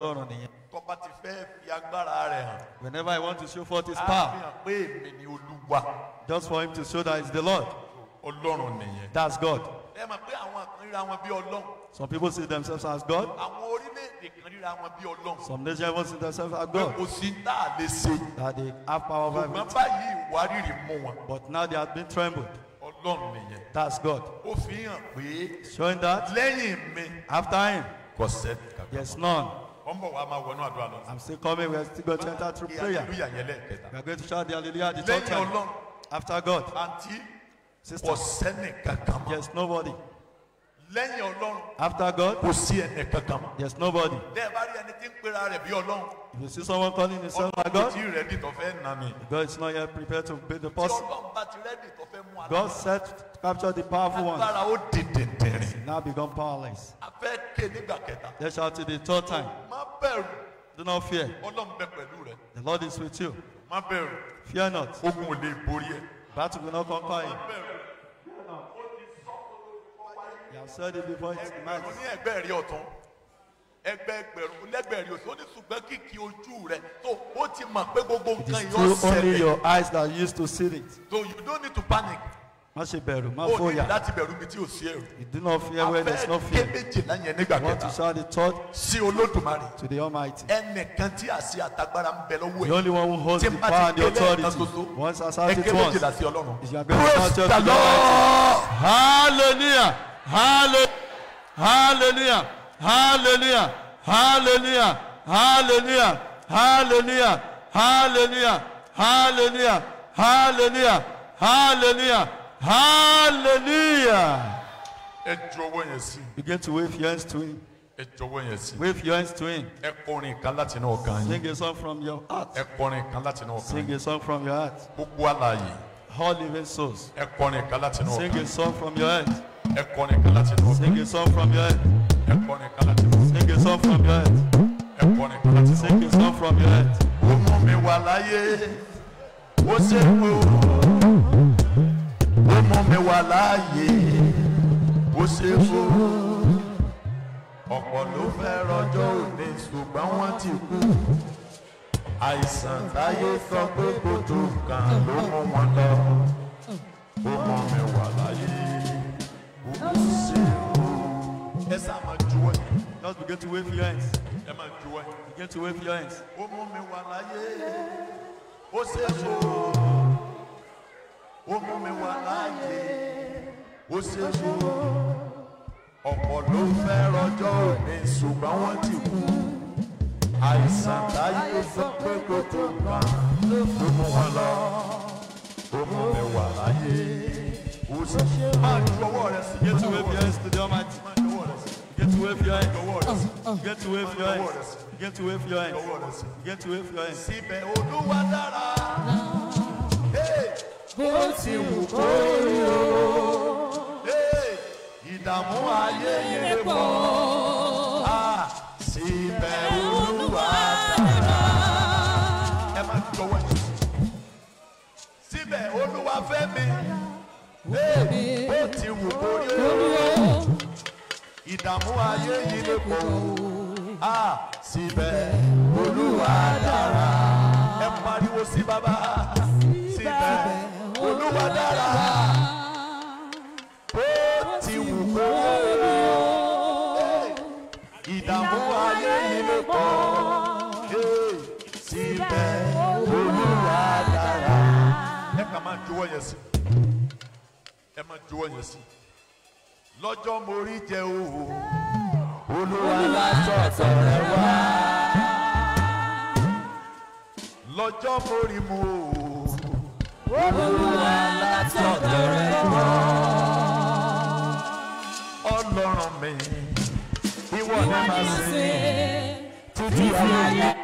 Ọlọ́run nìyẹn. Tọ́ba ti fẹ́ fi agbára rẹ̀ hàn. Whenever I want to show forth his power. Àfihàn pé èmi ni Olúwa. Just for him to show that he is the Lord. Ọlọ́run nìyẹn. That's God. Ẹ mọ̀ pé àwọn kan ríra wọn bí Ọlọ́run. Some people see themselves as God. Àwọn orílẹ̀-èdè kan ríra wọn bí Ọlọ́run. Some nations even see themselves as God. Pé kò sí tá a lè ṣe. That they have power over everything. Ṣùgbọ́n báyìí ìwárìrì mú wọn. But now they have been trembled. Ọlọ́run nìyẹn. That's God. Ó fi hàn pé. Showing that. Lẹ́yìn mi. After him. Kò sẹ́ni kankan. There's none. I'm still coming. We're still going to enter through prayer. We're going to shout the hallelujah at the third time. After God. Sister. There's nobody lẹ́yìn ọlọ́run. after God. kò sí ẹnì kankan there is nobody. bẹ́ẹ̀ bá rí ẹni tí ń pera rẹ̀ bí ọlọ́run. if you see someone calling himself my God. ọlọ́run ti ready tó fẹ́ nà mí. God is not yet prepared to be the person. tí ọlọ́run bá ti ready tó fẹ́ mú àná. God set capture the powerful one. agbára ó di dìndìnrín. now become powerless. a fẹ́ ké nígbà kẹta. they shall till the third time. má bẹ̀rù. do not fear. ọlọ́run bẹ pẹ̀lú rẹ. the Lord is with you. má bẹ̀rù. fear not. ogun ò lè borí ẹ. battle will not conquer you. má bẹ̀rù. sọ́ọ́dì before it match. ó ẹgbẹ́ rí ọ̀tún ẹgbẹ́ ẹgbẹ̀rún lẹ́gbẹ̀ẹ́ ọ̀tún ó ní ṣùgbọ́n kìkì ojú rẹ̀ tó ó ti mọ̀ pé gbogbo nǹkan yóò ṣẹlẹ̀. it's still only your eyes that used to see it. so you don't need to panic. má ṣe bẹ̀rù má fòyà. ó ní láti bẹ̀rù mi tí ò sí ẹ̀rù. you do not fear where there is no fear. abẹ́rẹ́ kéméjì láyẹn nígbà kẹta. want to shout the third. sí olódùmarè. to the almighty. ẹnìkan tí àṣẹ àtagbára ń bẹ lọ́wọ́ ẹ̀. the only one who holds the power and the authority. once assaulted once. ẹ kéméjì láti ọlọ́run. hallelujah. Hallelujah. Hallelujah. Hallelujah. Hallelujah. Hallelujah. Hallelujah. Hallelujah. Hallelujah. Hallelujah. Hallelujah. Hallelujah. Begin to wave your hands to him. Wave your hands to him. Sing a song from your heart. Sing a song from your heart. All living souls. Sing a song from your heart. ẹ sing a song from your head. sing a song from your head. sing a song from your head. ó mú mi wà láyé ó ṣe pé ó ó mú mi wà láyé ó ṣe pé ó ọ̀pọ̀ ló fẹ́ rọjọ́ òní ṣùgbọ́n wọ́n ti kú sọ pé kò tó kàn ló mú wọn lọ ó mú mi wà láyé. Yes, I'm a joy. Just begin to wave your hands. I'm a joy. Begin to wave your hands. Oh, mommy, wala Oh, say so. Oh, mommy, wala Oh, say so. Ọ̀pọ̀ ló fẹ́ rọjọ́ òní ṣùgbọ́n wọ́n ti kú. Àìsàn táyé sọ pé kò tó gbà ló mú wọn lọ. Ó mú mi Osi. Máa ju ọwọ́ rẹ sí. Get to wave your hands to the almighty. Get to wave your hands. Get to wave your hands. Get to wave your hands. Get to wave your hands. Síbẹ̀ Olúwa Bó ti wù kó rí o. Ìdààmú ayé yẹn pọ̀. Síbẹ̀ Olúwa dára. Ẹ máa ju ọwọ́ ẹ̀. Síbẹ̀ Olúwa fẹ́ mi ó ti wù borí o ìdààmú ayé yìí lè pọ̀ o síbẹ̀ olúwa dára ẹ pariwo sí bàbá síbẹ̀ olúwa dára ó ti wù borí ìdààmú ayé yìí lè pọ̀ síbẹ̀ olúwa dára ẹ kà máa juwọ́ yẹn sí juwọ́ yẹn sí lọ́jọ́ mo rí jẹ òhò olúwa látọ̀tọ̀ rẹ wá lọ́jọ́ mo rí mu òhò olúwa látọ̀tọ̀ rẹ wá ọlọ́run mi ìwọ ni màá sìn títí ayé.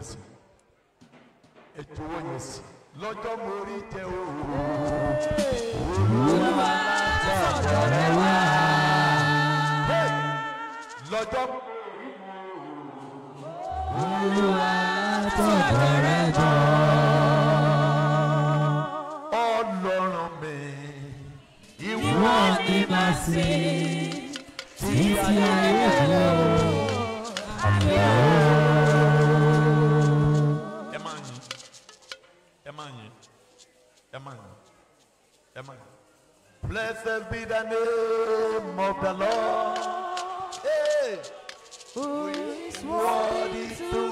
yẹn sí ẹ jọ̀wọ́ yẹn sí lọ́jọ́ mo rí jẹ ooo. lọ́jọ́ mo rí jẹ ọlọ́run mi ìwọ ni màá sìn títí ayé lọ. Amen. Amen. Blessed be the name of the Lord. Hey. Who is worthy to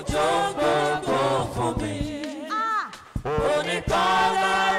ọjọ́ gbogbo fún mi. Ah! Onípàlà.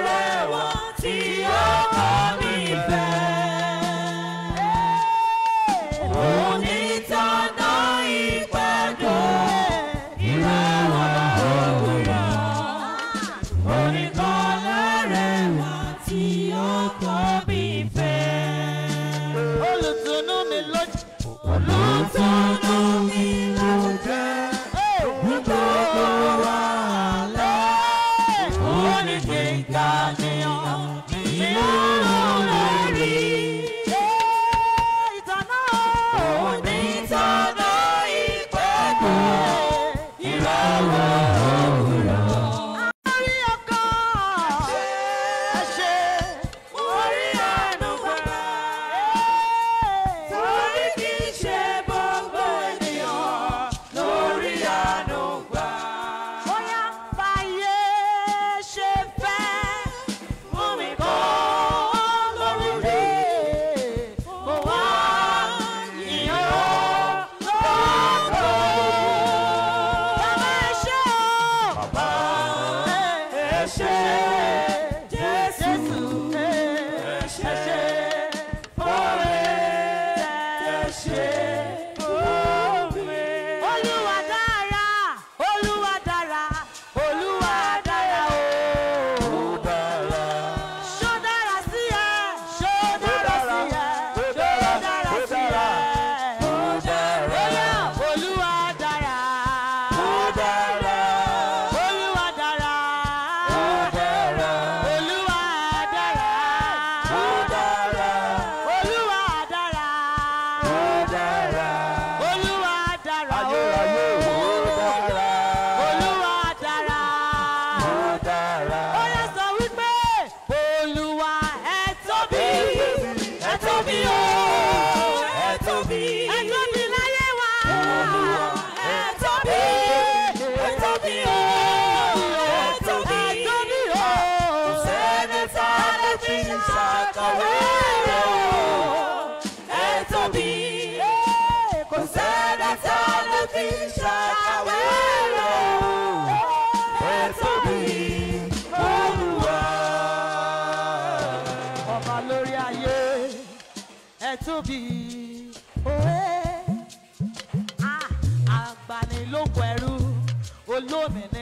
Lord, man.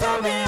tó mi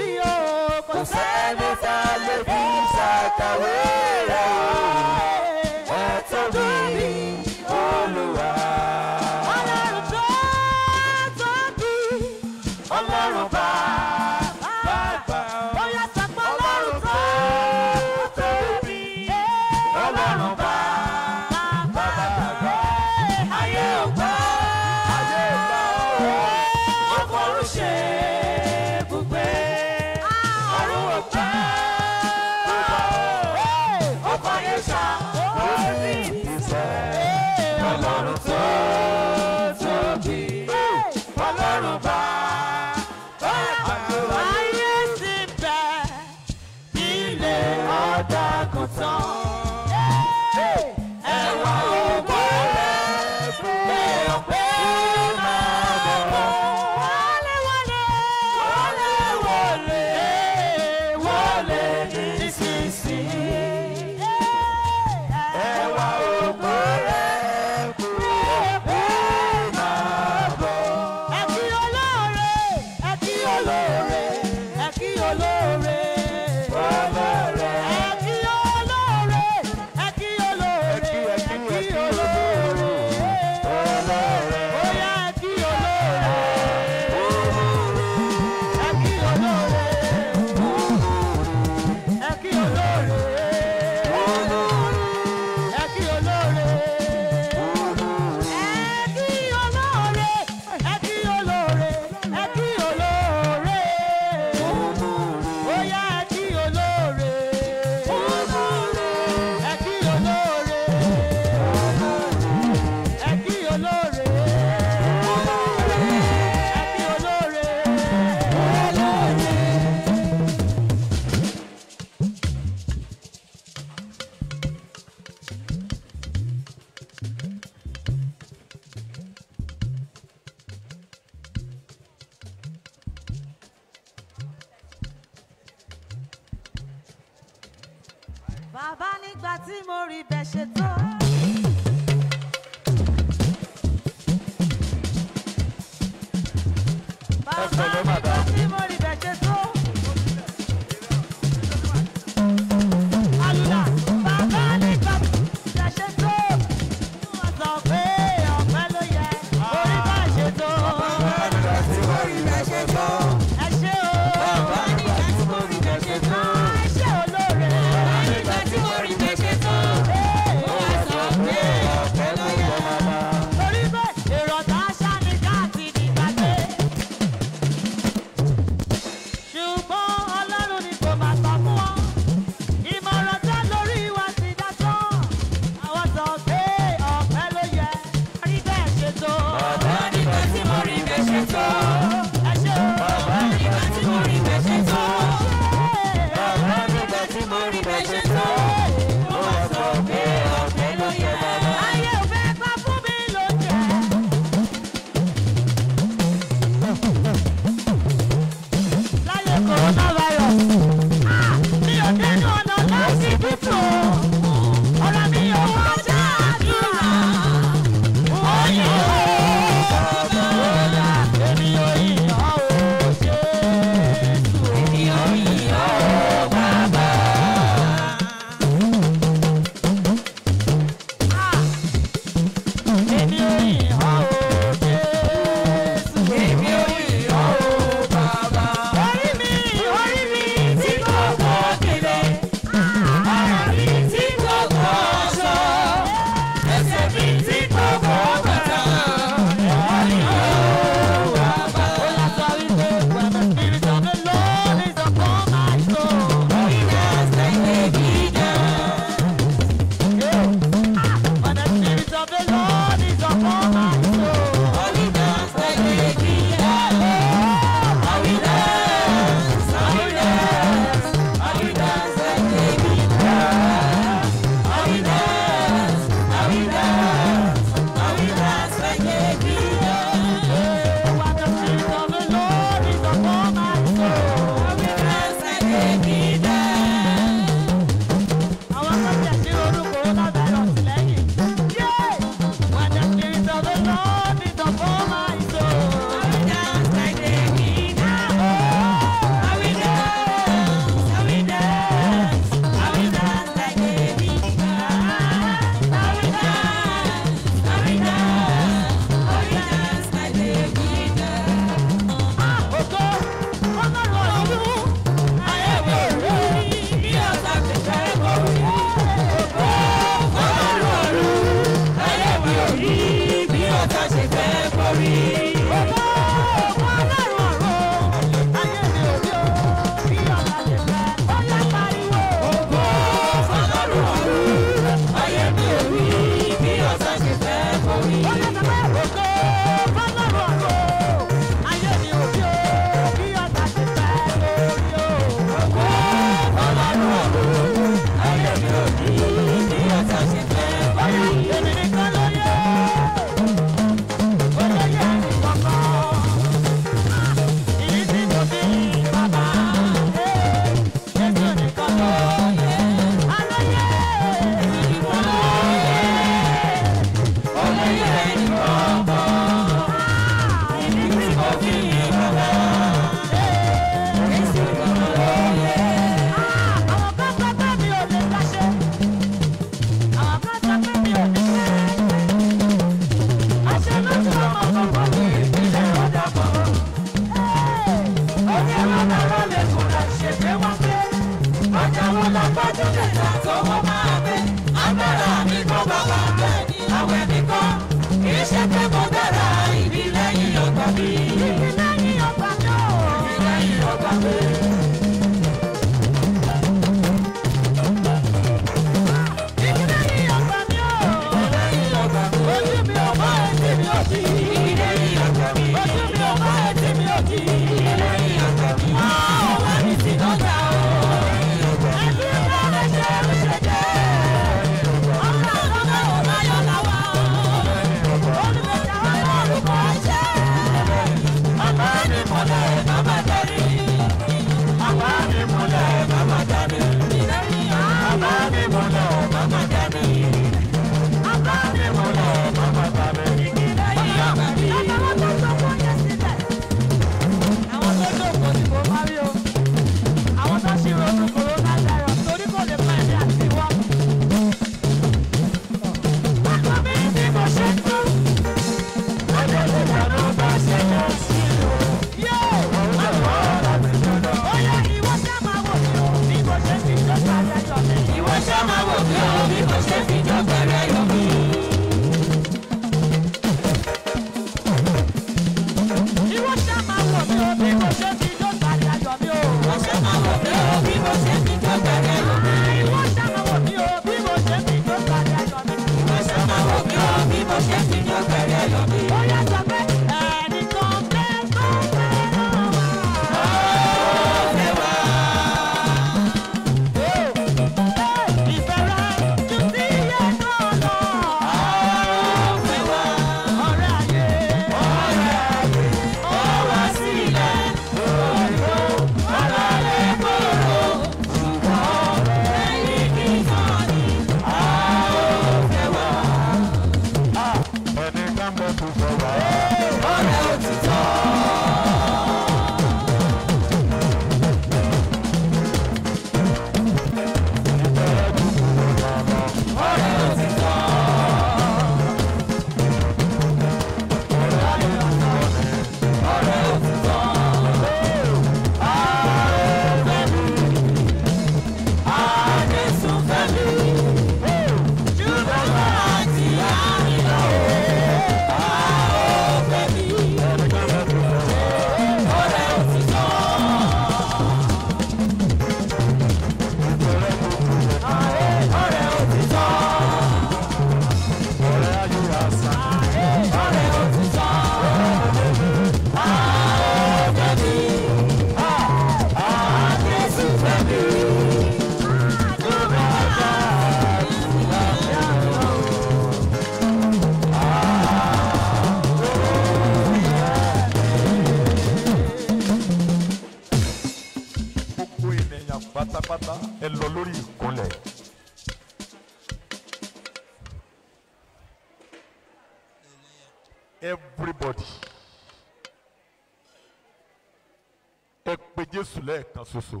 ṣoṣo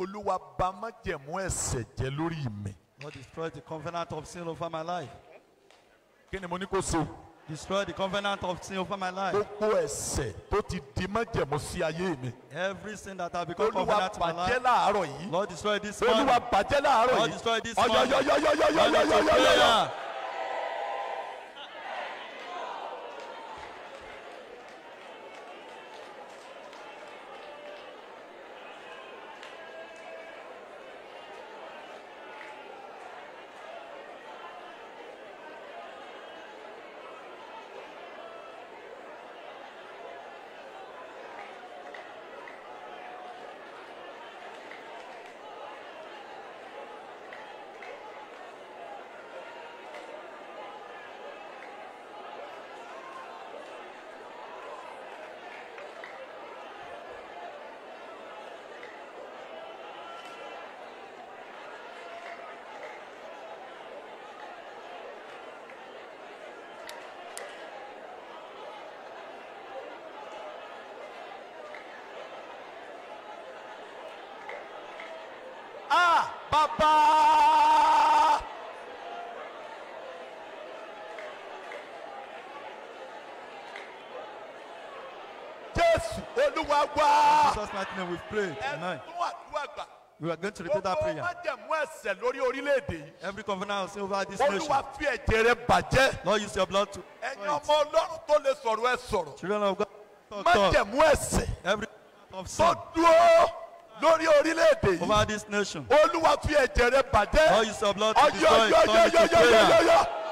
olúwa bà májẹ̀mú ẹ̀ṣẹ̀ jẹ́ lórí mi. God destroy the covenant of sin over my life. kí ni mo ní kó ṣe. destroy the covenant of sin over my life. gbogbo ẹ̀ṣẹ̀ tó ti di májẹ̀mú sí ayé mi. every sin that has become covenant to my life. olúwa bàjẹ́ láàárọ̀ yìí. Lord destroy this morning. olúwa bàjẹ́ láàárọ̀ yìí. Lord destroy this morning. ọyọyọyọyọyọyọyọyọ. Jesus' mighty name we've prayed tonight. We are going to repeat that prayer. Every covenant sin over this nation. Olúwa fi ẹ̀jẹ̀ Lord use your blood to. Ẹ̀yin Children of God talk talk. Májẹ̀mú ẹ̀sìn. Every of sin. Over this nation. Olúwa fi ẹ̀jẹ̀ rẹ bàjẹ́. Lord use your blood to destroy it. Ọyọ yọ yọ yọ yọ yọ yọ.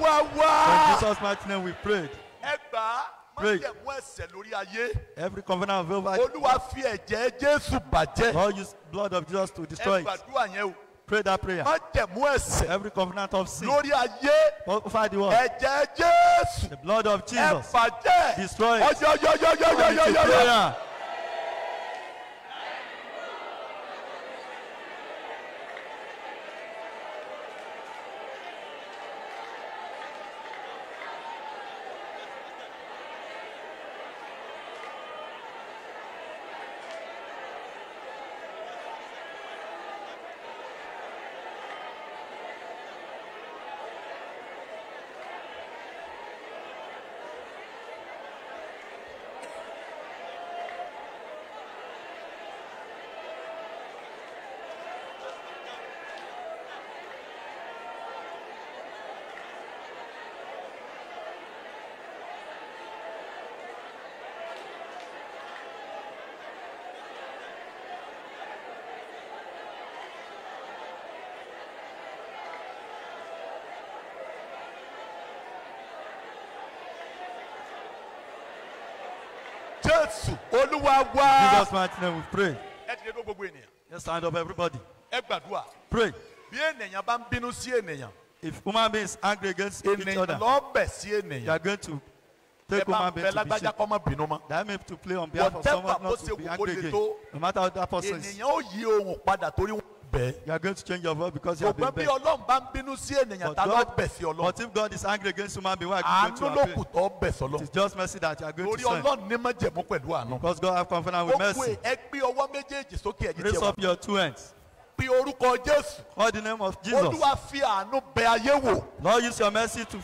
wá wá. for Jesus mighty name we prayed. ẹ gbà á pray. májẹ̀mú ẹ̀ṣẹ̀ lórí ayé. every covenant of over. olúwa fi ẹ̀jẹ̀ jésù bàjẹ́. Lord use blood of Jesus to destroy it. ẹ gbàdúrà yẹn o. pray that prayer. májẹ̀mú ẹ̀ṣẹ̀. every covenant of sin. lórí ayé. over the world. ẹ̀jẹ̀ jésù. the blood of Jesus. ẹ bàjẹ́. destroy it. ọjọ́ yọ yọ yọ yọ yọ yọ yọ. jésù olúwa wá. jesus my name we pray. ẹ ti lè dó gbogbo ènìyàn. let's stand up everybody. ẹ gbàdúrà. pray. bí ènìyàn bá ń bínú sí ènìyàn. if human beings angry against each other. ènìyàn lọ bẹ̀ sí ènìyàn. they are going to take woman bẹ́ẹ̀ to be shaped. kọ́mọ bínú mọ́. that means to play on behalf of someone not to be angry again no matter how that person is. ènìyàn ó yí ohun padà torí bẹ̀. you are going to change your vote because you have been bẹ̀. kò bí ọlọ́run bá ń bínú sí ènìyàn ta ló bẹ̀ sí ọlọ́run. but if God is angry against human being why are you going to pray. àánú ló kù tó bẹ̀ sọlọ. it is just mercy that you are going to sign. lórí ọlọ́run ní má jẹ̀mú pẹ̀lú àánú. because God have confidence with mercy. gbogbo ẹ gbé ọwọ́ méjèèjì sókè ẹ̀yìn tiwọn. raise up your two hands pe orúkọ jésù. call the name of jesus. olúwa fi àánú bẹ ayé wò. lord use your mercy to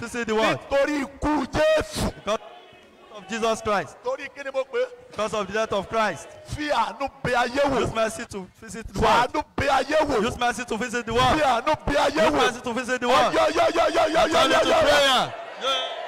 visit the world. nítorí Jesus Christ. torí kí ni mo pè because of the death of Christ. fi àánú bẹ ayé wò. use mercy to visit the world. fi àánú bẹ ayé wò. use mercy to visit the world. fi àánú bẹ ayé wò. use mercy to visit the world. ọyọ yọ yọ yọ yọ yọ yọ yọ. I tell you to pray. Yeah.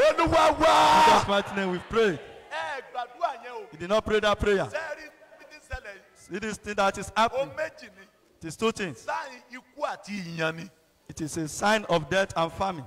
olúwa wá. Jesus mighty name we pray. ẹ gbàdúrà yẹn o. he did not pray that prayer. sẹ́ẹ̀rì títí ṣẹlẹ̀ yìí. it thing that is happening. o méjì ni. it is two things. sáyìn ikú àti ìyàn ni. it is a sign of death and famine.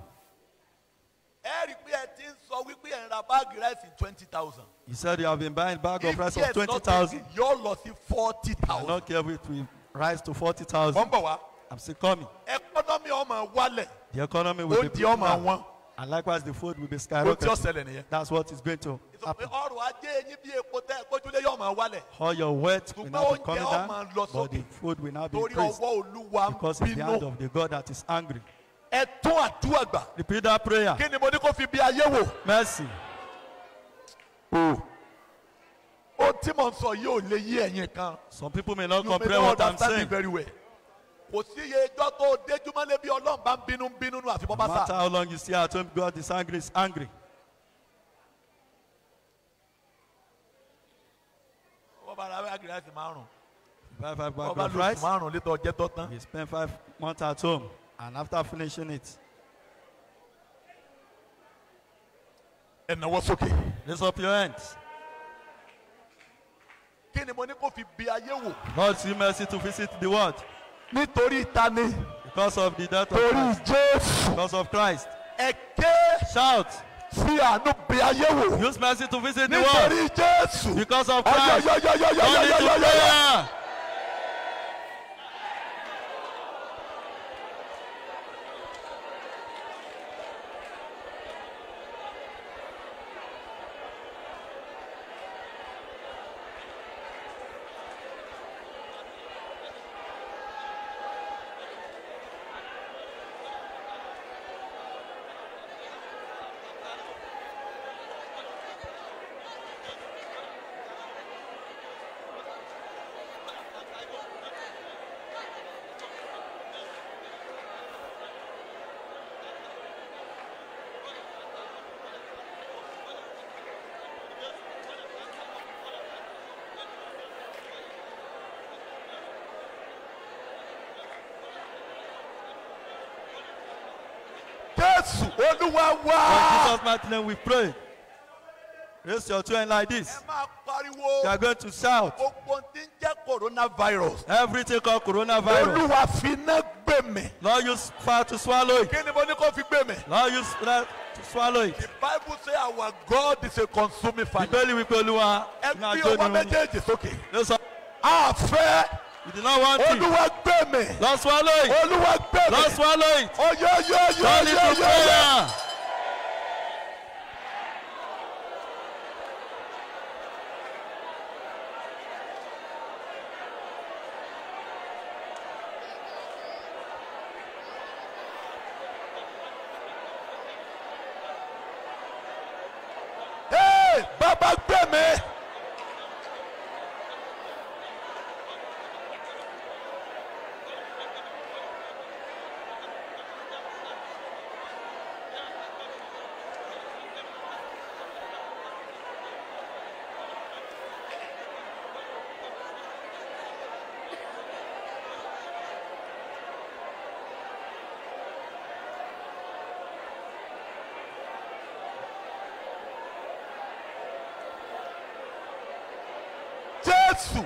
ẹ rí pé ẹ ti ń sọ wípé ẹ ń ra báàgì rice twenty thousand. he said you have been buying bag of rice for twenty thousand. if you are not taking your loss forty thousand. i don't care if we rise to forty thousand. wọ́n bọ̀ wá. i'm still coming. economy ọmọ wálẹ̀. the economy will be. ó di ọmọ wọn and likewise the food will be skyrocketed. that's what is going to happen. ọrọ̀ ajé yín bí epo tẹ́ kójúlé yóò máa wálẹ̀. all your wealth will now be coming down but the food will now be increased because it's the hand of the God that is angry. ẹ tún àdúrà gbà. repeat that prayer. kí ni mo ní kó fi bí ayé wò. mercy. o. tí mo sọ yìí lè yé ẹ̀yin kan. some people may not comprehend what i'm saying. you may not understand it very well kò sí iye ijọ́ tó déjúmọ́ lébi ọlọ́run bá ń bínú ń bínú àfi bọ́ bá sà. no matter how long you stay at home God is angry is angry. wọ́n bá ra wáyà rice márùn. five five bag of rice. wọ́n bá lu márùn létọ́ ọjẹ́ tó tán. he spent five months at home and after finishing it. ẹ nawọ́ sókè. raise up your hands. kí ni mo ní kó fi bí ayé wò. God see mercy to visit the world nítorí tani. because of the death of Christ. torí Jésù. because of Christ. ẹ ké. shout. fi àánú bí ayé wò. use mercy to visit the world. nítorí Jésù. because of Christ. ọ̀yọ̀yọ̀yọ̀yọ̀yọ̀yọ̀yọ̀yọ̀. olúwa wá. in Jesus mighty name we pray. Raise your two hands like this. Ẹ máa pariwo. You are going to shout. Gbogbo tí ń jẹ́ coronavirus. Everything called coronavirus. Olúwa fi gbé mi. Lord use fire to swallow it. Kí ni mo ní kó fi gbé mi? Lord use fire to swallow it. The Bible say our God is a consuming fire. Ìbéèrè wípé Olúwa. Ẹ fi ọwọ́ méjèèjì sókè. Lọ́sọ̀. A fẹ́. You did not want it. Olúwa gbé mi. Lọ swallow it. Olúwa gbé mi. Lọ swallow it. Oyo yo yo yo yo yo. Turn it to prayer.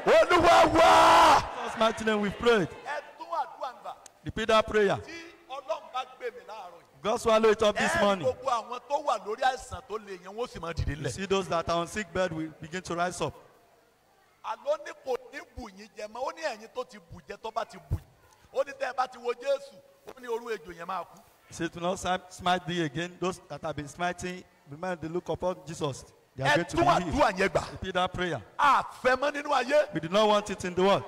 olúwa wá. Jesus mighty name we prayed. ẹ tún repeat that prayer. tí ọlọ́run bá gbé mi láàárọ̀ yìí. God swallow it up this morning. ẹ gbogbo àwọn tó wà lórí àìsàn tó lè yẹn wọ́n sì máa dìde lẹ̀. you see those that are on sick bed will begin to rise up. àlọ́ ní kò ní bù jẹ mọ́ ó ní ẹ̀yin tó ti bù jẹ tó bá ti bù ó ní tẹ́ ẹ bá ti wo Jésù ó ní orú ejò yẹn máa kú. he to not smite thee again those that have been smiting remember the look upon Jesus ẹ àdúrà yẹn gbà. repeat that prayer. a fẹ́ mọ́ nínú ayé. we do not want it in the world.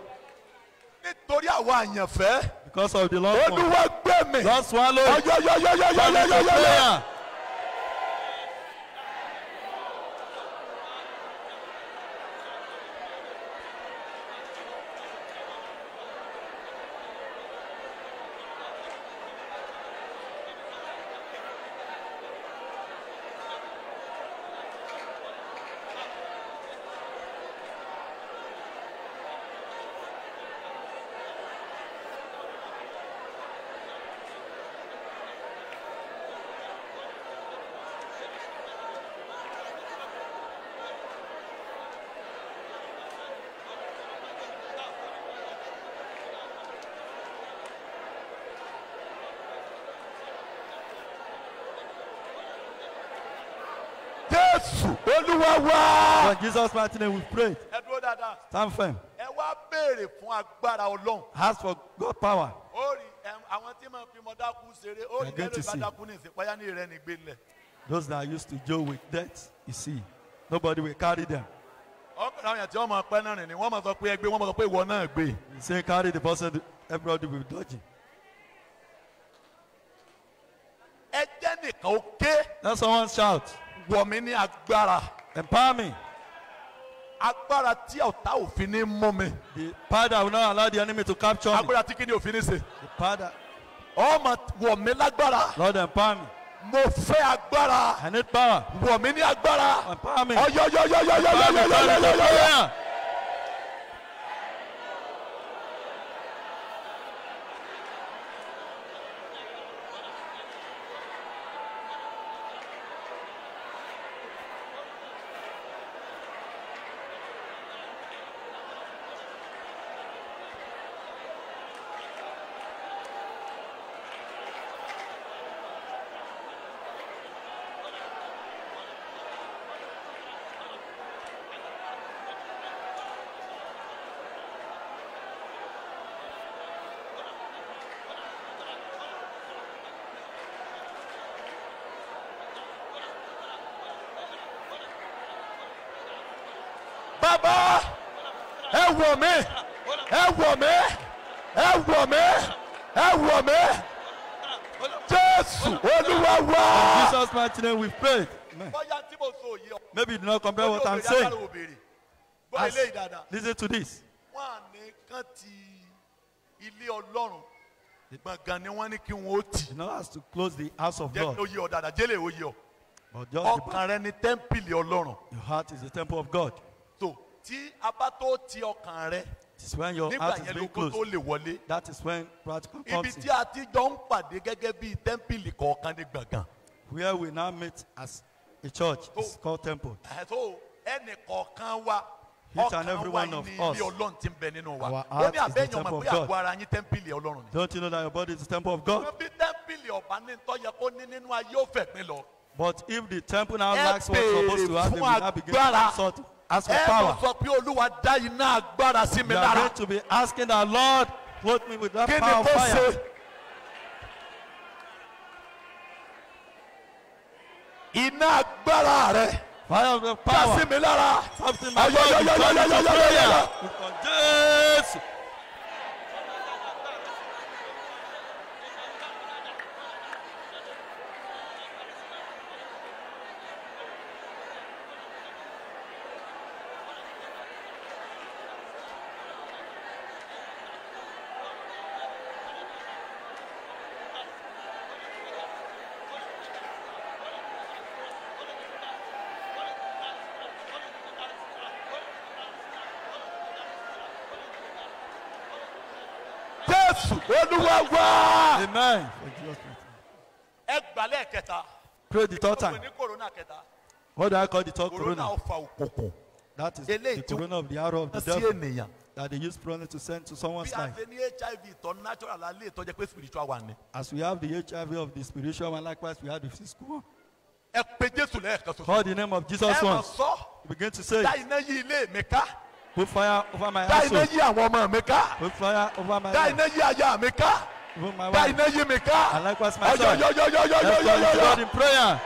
nítorí àwọn àyànfẹ́. because of the Lord. olúwa gbẹ̀mí. lọ swallow. ọyọ yọ yọ yọ yọ yọ yọ yọ. olúwa wá. for jesus mighty name we pray. ẹ dúró dáadáa. stand firm. ẹ wá béèrè fún agbára ọlọ́run. ask for god power. ó rí àwọn tí màá fi mọ́dákú ṣeré ó rí mẹ́rin ìbádákú ní ìsìnpáyà ní ìrẹ́ni gbélé. those that used to deal with death you see nobody will carry them. ọkùnrin àwọn yàtí wọn máa náà rìn ni wọ́n máa sọ pé ẹgbẹ́ wọ́n máa sọ pé ìwọ náà gbé. he say carry the person everybody will dodge him. ẹ jẹ́ nìkan ó ké. let someone shout wọ̀ mí ní agbára. empower me. agbára tí ọ̀tá òfin ní mú mi. the power that will not allow the enemy to capture me. agbára tí kíni òfin ní ṣe. the power that. ọmọ wọ̀ mí lágbára. lord empower me. mo fẹ́ agbára. i need power. wọ̀ mí ní agbára. empower me. ọyọyọyọyọyọyọyọyọyọ. wọ̀ mí ẹ wọ̀ mí ẹ wọ̀ mí ẹ wọ̀ mí Jésù Olúwa wá. In Jesus' mighty name we pray. Maybe you do not compare what I'm saying. As, listen to this. ilé Ọlọ́run gbọ̀ngàn ni wọ́n ní kí wọ́n ó tì. You know has to close the house of God. Jẹ́ kí o yí ọ dáadáa, o yí ọ. Ọkàn rẹ ni tẹ́ḿpìlì Ọlọ́run. Your heart is the temple of God tí a bá tó ti ọkàn rẹ is when your heart is being closed. that is when practical comes in. ibi tí a ti jọ ń pàdé gẹ́gẹ́ bí tẹ́ḿpìlì kọ̀ọ̀kan ní gbọ̀ngàn. where we now meet as a church oh. is called temple. Eh, so ẹnì kọ̀ọ̀kan wa each and every one of us our heart is the temple of God. don't you know that your body is the temple of God. bí tẹ́ḿpìlì ọ̀bá ní tọ́ kó ní nínú ayé ó fẹ̀gbin lọ. but if the temple now lacks what's supposed to happen we now begin to insult ask for power. ẹ sọ pé olúwa dá iná agbára sí mi lára. you are going to be asking the lord clothe me with that power of fire. kí ni iná agbára rẹ. fire of power. olúwa amen. ẹ gbalẹ̀ kẹta. pray the third time. what do I call the third corona? corona that is the corona of the arrow of the devil that they use problem to send to someone's life. as we have the hiv of the spiritual one likewise we have the physical one. ẹ pe jésù lẹ́ẹ̀kan ṣoṣo. call the name of Jesus once. begin to say. dá iná yí ilé mi ká. Put fire over my household. Dá iná yí àwọn ọmọ mi ká. Put fire over my life. Dá iná yí aya mi ká. Dá iná yí mi ká. And likewise my son. Ọyọ yọ yọ yọ yọ yọ yọ yọ. Let's go to God in prayer.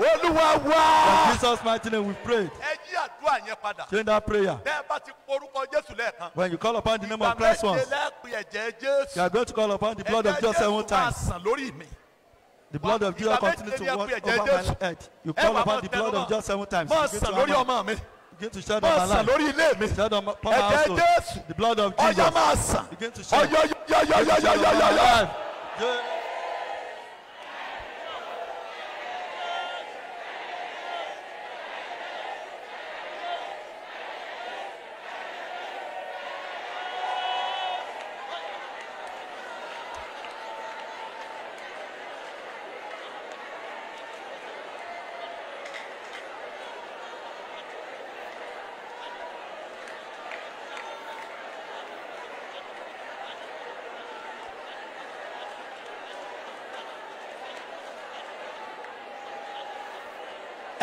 olúwa wá. in Jesus mighty name we pray. ẹ jí àdúrà yẹn padà. change that prayer. bẹ́ẹ̀ bá ti porúkọ Jésù lẹ́ẹ̀kan. when you call upon the name of Christ once. ìgbà méje lẹ́ẹ̀pẹ̀ ẹ̀jẹ̀ Jésù. you are going to call upon the blood of Jesus seven times. ẹ̀jẹ̀ Jésù máa sàn lórí mi. The blood of Jesus continues to work. over my head. You call upon the blood of Jesus seven times. Máa sàn lórí ọmọ mi. Begin to shed on my life. Máa sàn lórí ilé mi. Shed on my household. The blood of Jesus. Ọyọ́ máa sàn. Begin to shed. Ọyọ́ yọ yọ yọ yọ yọ yọ yọ.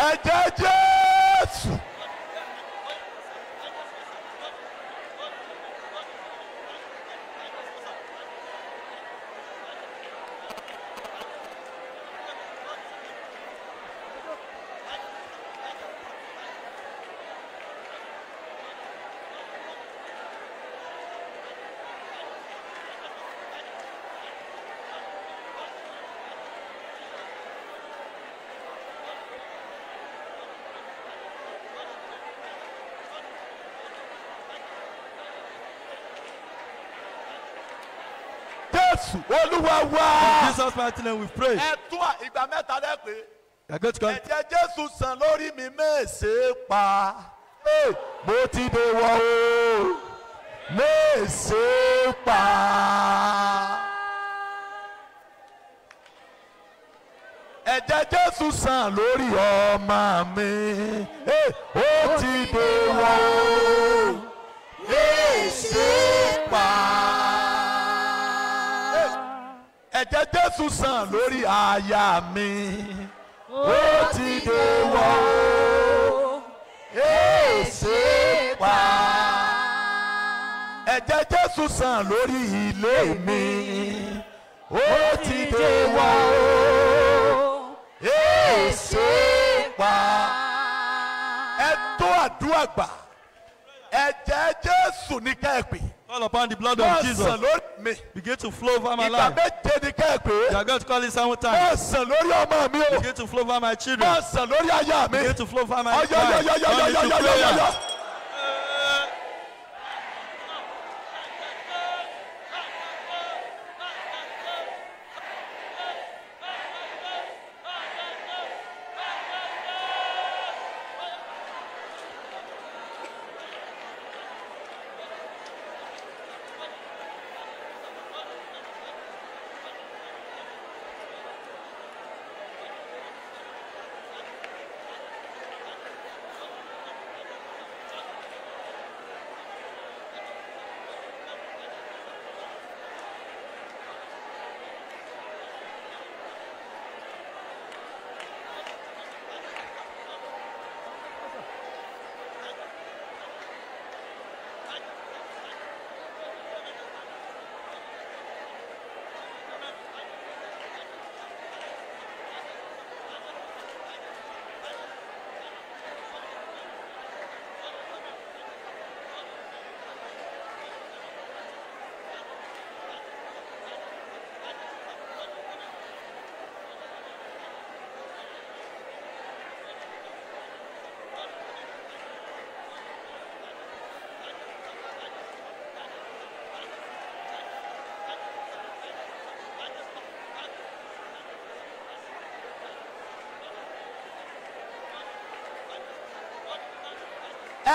I Ajab! olúwa wá. in Jesus mighty name we pray. ẹ tún ìgbà mẹ́ta lẹ́ pé. you're going to come. ẹ̀jẹ̀ jésù sàn lórí mi mẹ́ẹ̀sẹ̀ pa. mo ti dé wọ o mẹ́ẹ̀sẹ̀ pa. ẹ̀jẹ̀ jésù sàn lórí ọmọ mi ó ti dé wọ o. ẹ̀jẹ̀ Jésù san lórí àyà mi ó ti dé wọ́ o èsè pa. ẹ̀jẹ̀ Jésù sàn lórí ilé mi ó ti dé wọ́ o èsè pa. ẹ tó àdúrà gbà ẹ̀jẹ̀ Jésù ní ká call upon the blood of Jesus. Begin to flow over my life. You are going to call it some time. Begin to flow over my children. Begin to flow over my life.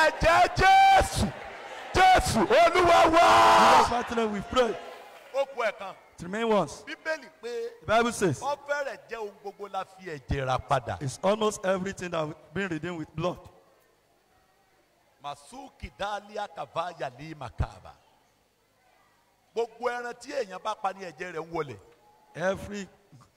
ẹ̀jẹ̀ jésù jésù olúwa wá. in the name we pray. ó kú kan. it remain once. bíbélì pé. the bible says. wọ́n fẹ́rẹ̀ ohun gbogbo la fi ẹ̀jẹ̀ rà padà. it's almost everything that been redeemed with blood. masuki dalia kavaya li makaba. gbogbo ẹran tí èèyàn bá pa ní ẹ̀jẹ̀ rẹ̀ ń wọlé. every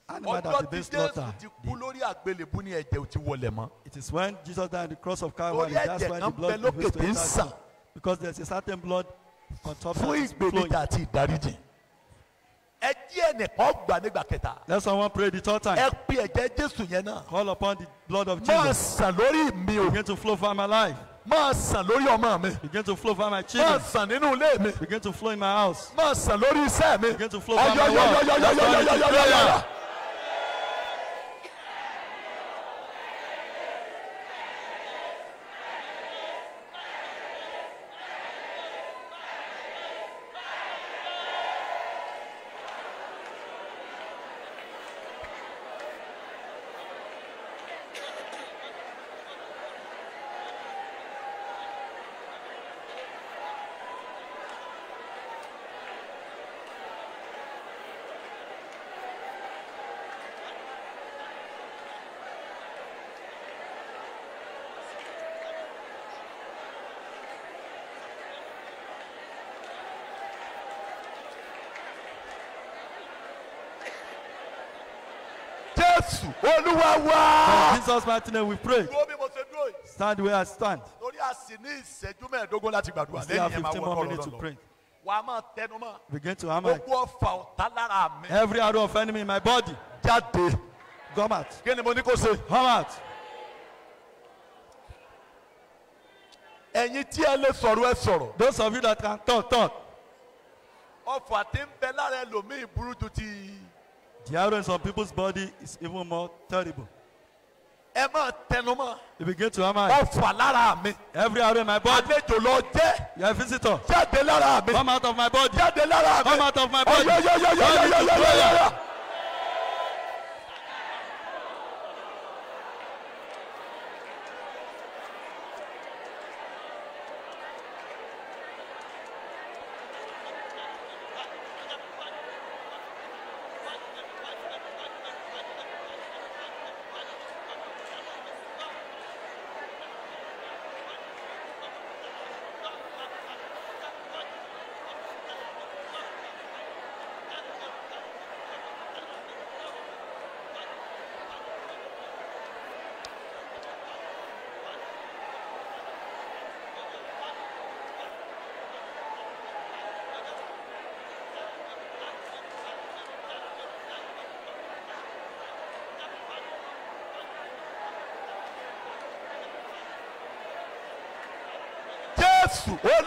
animal tí Jésù ti kú lórí àgbélébú ni ẹ̀jẹ̀ ti wọlé mọ́. it is when Jesus died on the cross of Calvary that's why the blood begins to enter because there is a certain blood on top of the flowing. fún ìgbènijà àti ẹ jí ẹnìkan gbà nígbà kẹta. let someone pray the third time. ẹ pe ẹ̀jẹ̀ Jésù yẹn náà. call upon the blood of Jesus. máa sàn lórí mi o. begin to flow for my life. máa sàn lórí ọmọ mi. begin to flow for my children. máa sàn nínú ilé mi. begin to flow in my house. máa sàn lórí iṣẹ́ mi. begin to flow for my work. ọyọyọyọyọyọyọyọyọyọ. olúwa wá. in Jesus mighty name we pray. stand where I stand. torí a sì ní ìṣẹ́jú mẹ́ẹ̀ẹ́dógún láti gbàdúrà lẹ́yìn ẹ̀ máa wọ́n kọ́ lọ́dọ̀ lọ. wà á máa tẹnu mọ́. begin to hammer. gbogbo ọfà ọ̀tá lára mi. every arrow of enemy in my body. jáde. come kí ni mo ní kó ṣe. come ẹ̀yin tí ẹ lè sọ̀rọ̀ ẹ sọ̀rọ̀. those of you that can talk talk. ọfà tí ń bẹ lára ẹlòmíì burú ti. The arrows on people's body is even more terrible. ẹ máa tẹnumọ́. you begin to hammer. ọfà lára mi. every arrow in my body. àlejò lọ jẹ́. you are a visitor. jáde lára mi. come out of my body. jáde lára mi. come out of my body. ọyọ yọ yọ yọ yọ yọ yọ yọ.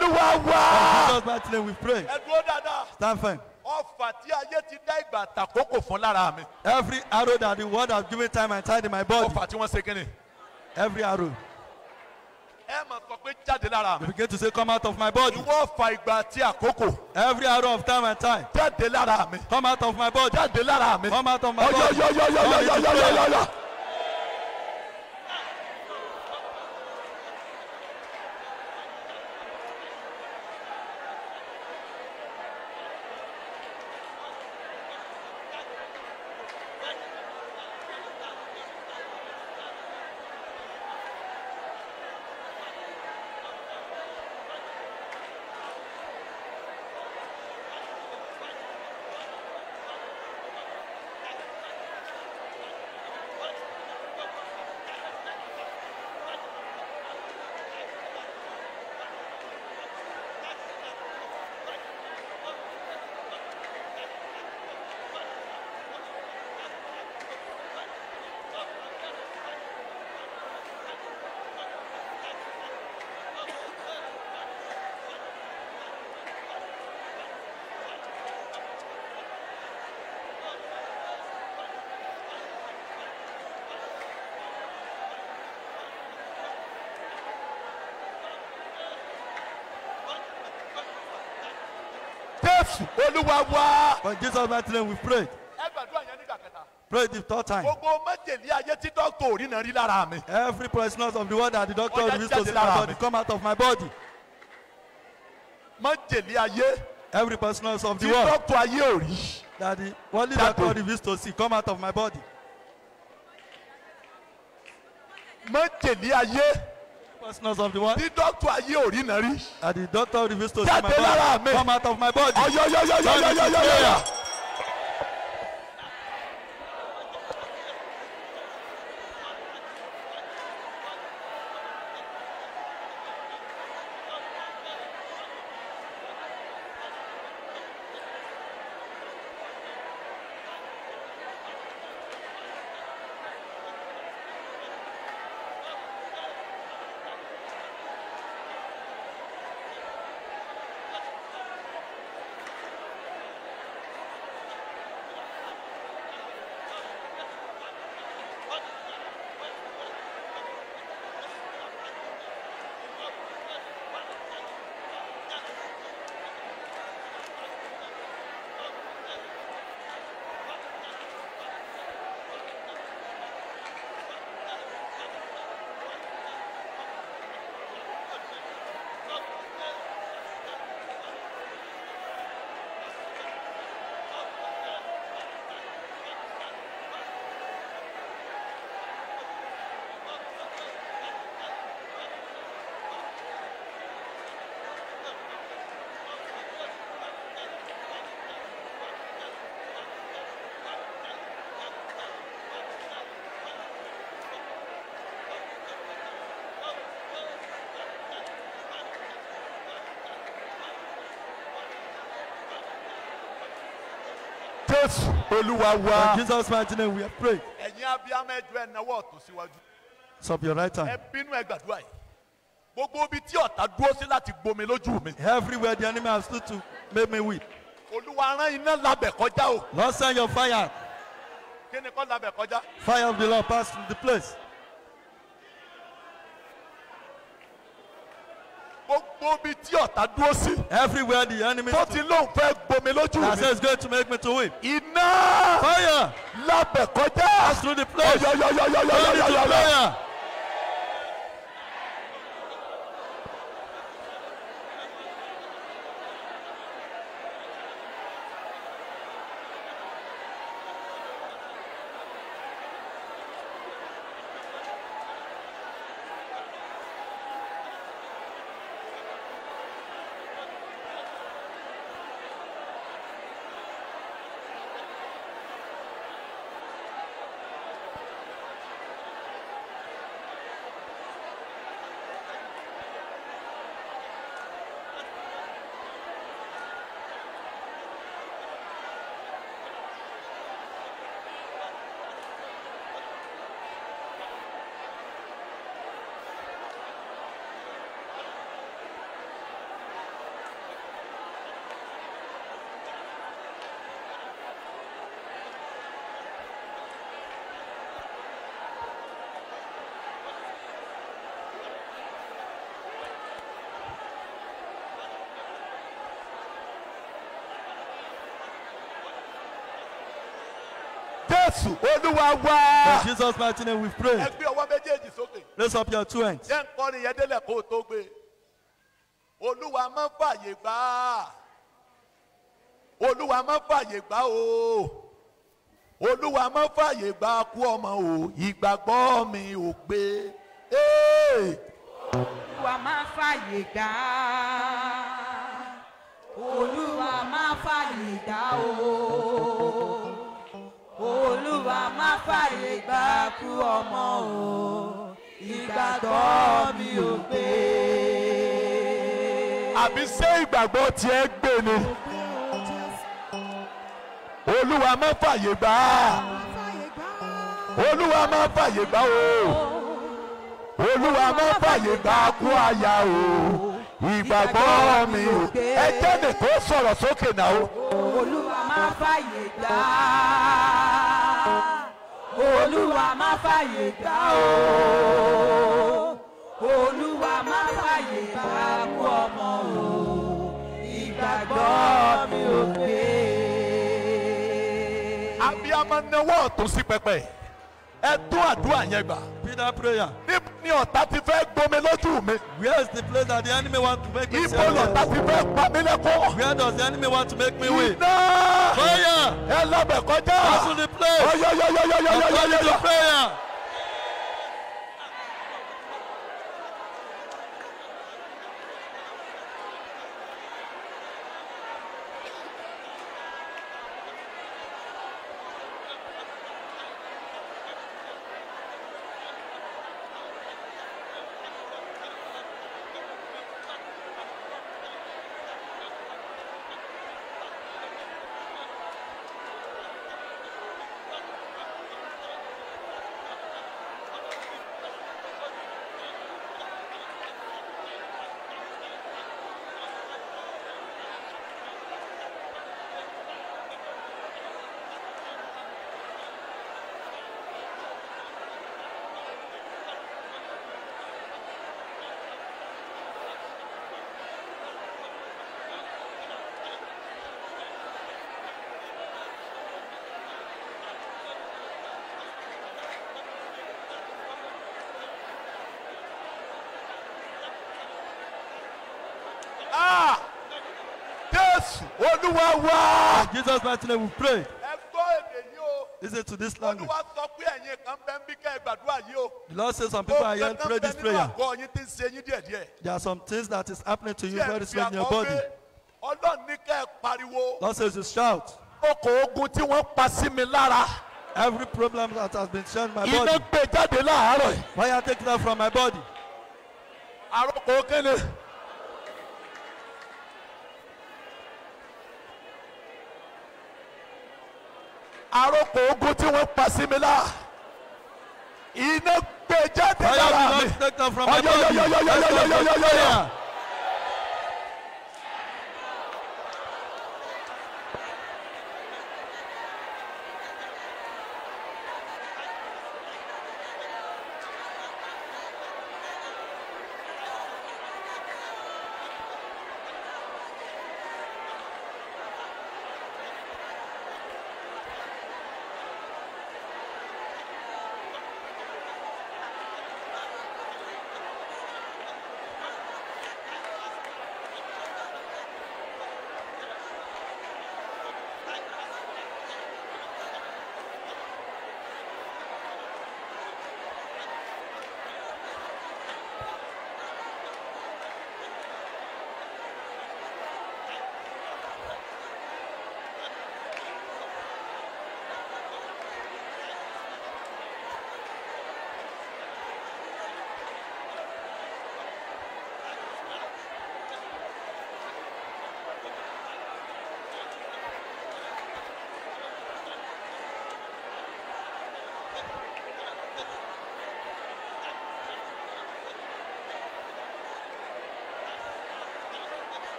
olúwa wá. in Jesus mighty name we pray. ẹ dúró dáadáa. stand firm. ọfà tí ayé ti dá ìgbà àtàkókò fún lára mi. every arrow that the world has given time and time in my body. ọfà tí wọ́n ṣe kínni. every arrow. ẹ mà sọ pé jáde lára mi. you begin to say come out of my body. ìwọ ọfà ìgbà àti àkókò. every arrow of time and time. jáde lára mi. come out of my body. jáde lára mi. come out of my body. ọyọ yọ yọ yọ yọ yọ yọ yọ. olúwa wá. for jesus mighty name we pray. ẹ gbàdúrà yẹn nígbà kẹta. pray the third time. gbogbo májèlé ayé tí dọ́kítọ̀ rí náà rí lára mi. every poisonous of the world that the doctor used to see my body come out of my body. májèlé ayé. every poisonous of the world. tí dọ́kítọ̀ ayé ò rí. that the only doctor used to see come out of my body. májèlé ayé. Consciousness of the what? The doctor ayé orí náà rí. And the doctor refused to see Jáde lára mi. Come out of my body. Ọ̀yọ̀yọ̀yọ̀yọ̀yọ̀yọ̀. olúwa in Jesus mighty name we pray. ẹ̀yin abiyamọ ẹjọ́ ẹ̀ náwó ọ̀tún síwájú. sub your right hand. ẹ bínú ẹ gbàdúrà yìí gbogbo ibi tí ọ̀tá dúró sí láti gbomi lójú mi. everywhere the enemy has stood to make me weep. olúwa rán iná labẹ kọjá o. Lord send your fire. kí ni kọ́ labẹ kọjá. fire of the Lord pass through the place. gbogbo ibi tí ọ̀tá dúró sí. everywhere the enemy. tó ti lóun fẹ́ gbomi lójú mi. that says going to make me to weep. Fire. Lábẹ̀ kọjá. Pass through the place. through the place. Jésù. Olúwa wá. In Jesus mighty name we pray. Ẹ gbé ọwọ́ méjèèjì sókè. Raise up your two hands. Jẹ́ nkọrin yẹn délẹ̀ kó o tó gbé. Olúwa máa ń fàyè gbà á. Olúwa máa ń fàyè gbà o. Olúwa máa ń fàyè gbà kú ọmọ o. Ìgbàgbọ́ mi ò gbé. Olúwa máa ń fàyè gbà Olúwa máa ń fàyè gbà o fàyè gbà kú ọmọ o ìgbàgbọ́ mi ò gbé. àbí ṣé ìgbàgbọ́ tiẹ̀ gbé ni olúwa má fàyè gbà olúwa má fàyè gbà o olúwa má fàyè gbà kú àyà o ìgbàgbọ́ mi o ẹ jẹ́ nìkan sọ̀rọ̀ sókè náà o. olúwa máa fàyè gbà olúwa má fàyè gbà o olúwa má fàyè gbà kú ọmọ o ìgbàgbọ́ mi ò pé. abiyamọ náwó ọ̀tún sí pẹpẹ ẹ tó àdúrà yẹn gbà. Be that prayer. Níbo ni ọ̀tá ti fẹ́ gbomi lójú mi? Where is the place that the enemy want to make me serious? Ibo lọ̀tá ti fẹ́ pa mí lẹ́kọ̀ọ́? Where does the enemy want to make me weak? Iná! Fire! Ẹ lọ bẹ̀ kọjá! That's the place! Ọyọyọyọyọyọyọyọ! According to prayer! olúwa wá. in jesus mighty name we pray. ẹ gbọ́ èdè yìí o. listen to this language. olúwa sọ pé ẹ̀yin kan bẹ́ẹ̀ ń bí kẹ́ ẹ yìí o. the lord says some people are here and pray this prayer. ọ̀gá ọ̀gá yín ti ń ṣe yín díẹ̀díẹ̀. there are some things that is happening to you very soon in your body. ọlọ́run says you shout. ogun tí wọ́n pa sí mi lára. every problem that has been shown my body. iná gbé jáde láàárọ̀. fire take that from my body. àròkò kéde. ọ̀pọ̀ ogun tí wọ́n pa sí mi lá iná gbé jáde lára mi ọyọyọyọyọyọyọyọyọ.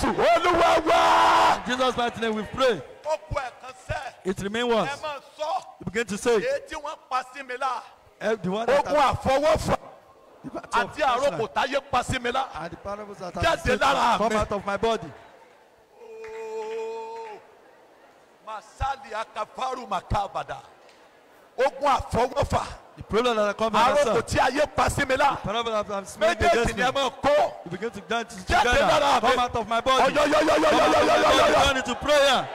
jésù olúwa in jesus mighty name we pray. ó kú ẹ̀kan sẹ́. it remain what. ẹ máa sọ. you begin to say. èyí tí wọ́n pa sí mi la. ogun àfọwọ́fà àti àròkò táyé pa sí mi la. jáde lára mi. come out of my body. masali akafaru makabada ogun àfọwọ́fà. The problem that I come back answer. Àròkò tí ayé pa sí mi lá. The problem that I'm smelling against me. Méjèèjì ni ẹ máa kó. You begin to dance together. Jáde lára Come out of my body. Ọ̀yọ̀yọ̀yọ̀yọ̀yọ̀yọ̀yọ̀yọ̀. Oh, Turn into prayer.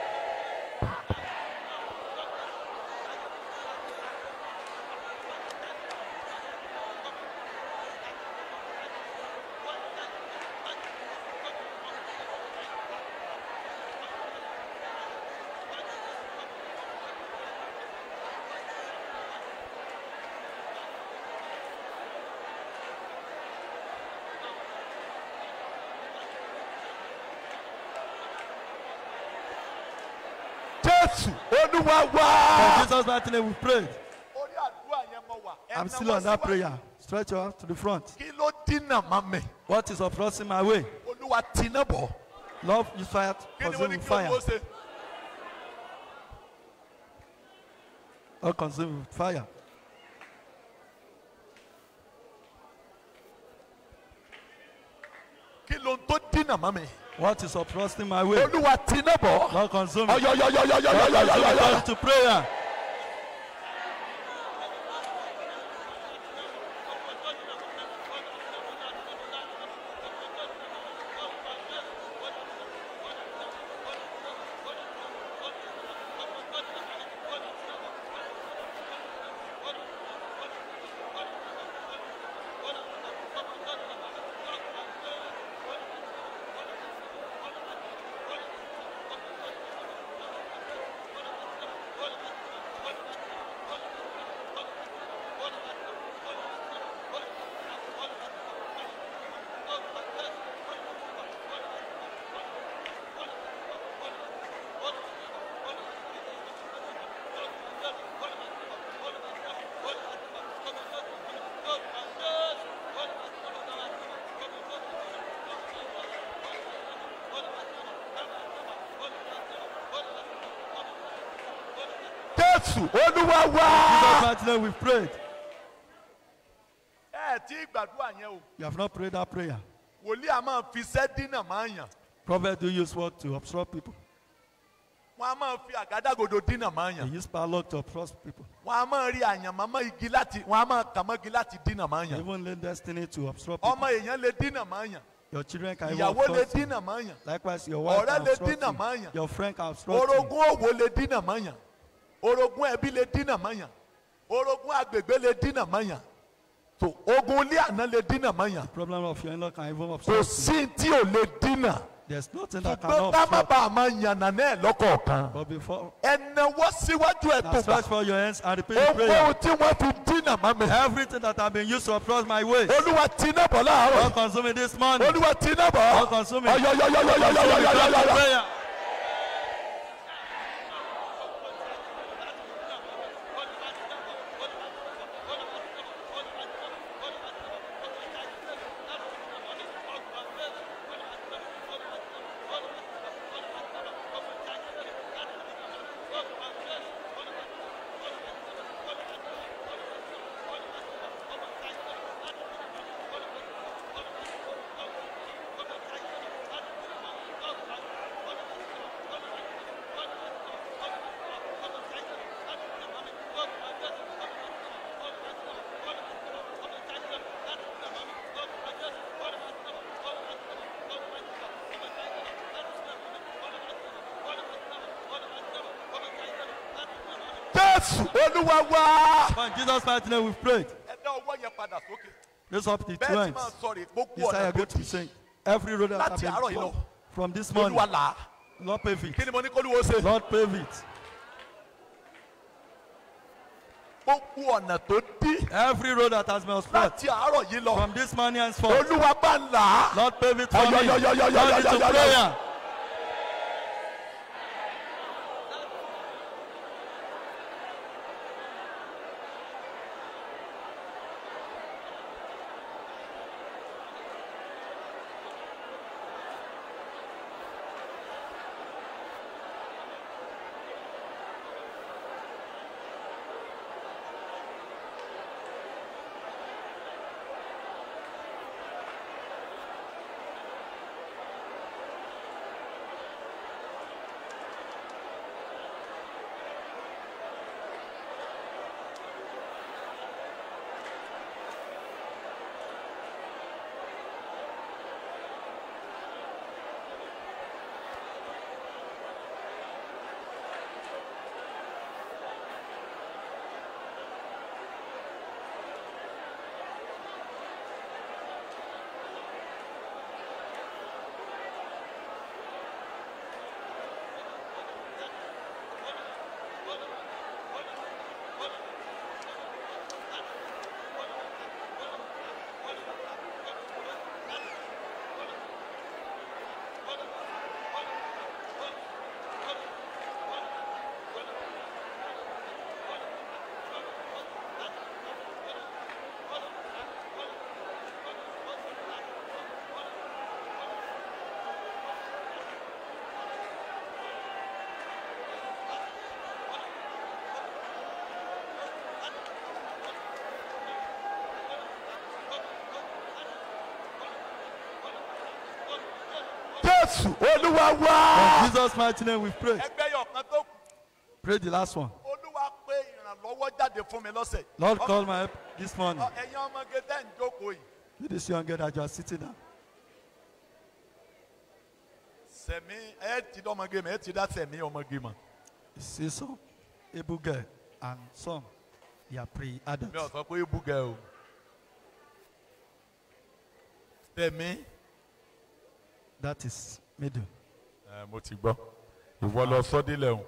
wá wá. in Jesus mighty name we pray. I'm still on that prayer stretch your to the front. kí ló dínà mi. what is obstructing my way. olúwa tiná love is fire consume with fire. all consume with fire. kí ló ń tó dínà má mi. What is obstructing my way? Olúwa náà bọ̀. Lord consume me. Ọyọyọyọyọyọyọyọyọ. Lord consume to prayer. olúwa wá. in Jesus' name we prayed. ẹ ti gbàdúrà yẹn o. you have not prayed that prayer. wòlíì a máa fi iṣẹ́ dínà máa yàn. prophet do use word to obstruct people. wọ́n a máa fi àgádágodo dínà máa yàn. they use parlour to obstruct people. wọ́n a máa rí àyànmọ́mọ́ igi láti wọ́n a máa kàmọ́ igi láti dínà máa yàn. even lay destiny to obstruct people. ọmọ èèyàn lè dínà máa yàn. Your children can even obstruct you. Ìyàwó lè dínà mọ́ yàn. Likewise, your wife can obstruct you. Your friend can obstruct you. Orogún òwò lè dínà mọ́ yàn orogún ẹbí lè dínà mọ́yàn orogún agbègbè lè dínà mọ́yàn so ogun ilé àná lè dínà mọ́yàn. problem of your in can even obstruct. kò sí tí ò lè dínà. there is nothing that can obstruct. má yànnà náà lọ́kọ̀ọ̀kan. but before. síwájú ẹ̀ tó bá. and repeat the prayer. ohun tí wọ́n fi dínà mọ́ mi. everything that I been used to obstruct my way. olúwa ti iná bọ̀ láàárọ̀. this morning. olúwa ti iná bọ̀. don olúwa in Jesus mighty name we pray. ẹ ọwọ́ yẹn padà sókè. raise up the two hands. bẹ́ẹ̀ tí màá sọ̀rọ̀ gbogbo ọ̀nà tó ti every road that I have been from from this morning. olúwa là á. Lord pave it. kí mo ní kó lúwo Lord pave it. gbogbo ọ̀nà tó dí. every road that has been obscured. láti àárọ̀ yìí lọ. from this morning henceforth. olúwa bá ń là Lord pave it for me. ọyọyọyọyọyọyọyọ. jésù olúwa wá. in jesus mighty name we pray. ẹgbẹ́ yọ̀ kan tó kù. pray the last one. olúwa pé ìrànlọ́wọ́ jáde fún mi lọ́sẹ̀. lord call my help this morning. ẹ̀yin ọmọge tẹ́ ń jókòó yìí. you dey young girl that you are sitting down. sẹ̀mí ẹ ti dá ọmọge mọ̀ ẹ ti dá sẹ̀mí ọmọge mọ̀. see some able girl and some they are pre-adult. mi ò sọ pé able girl o. That is mi dùn. ẹ mo ti gbọ́ ìwọ lọ sọ́dí lẹ́hùn.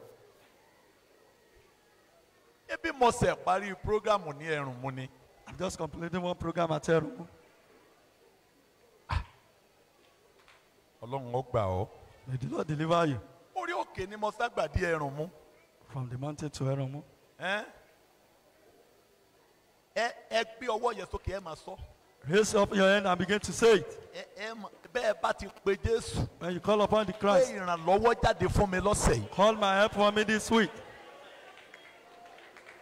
ebi mo ṣe parí programu ní ẹrùn mu ni. i'm just completing one program at ẹrùn mu. Ah. ọlọ́run ó gbà ọ́. may the lord deliver you. orí òkè ni mo ságbàdí ẹrùn mu. from the mountain to ẹrùn mu. ẹ ẹ gbé ọwọ́ yẹn sókè ẹ máa sọ. So. Raise up your hand and begin to say it. bẹ́ẹ̀ bá ti pe Jésù. When you call upon the Christ. Pé ìrànlọ́wọ́ jáde fún mi lọ́sẹ̀ yìí. Call my help for me this week.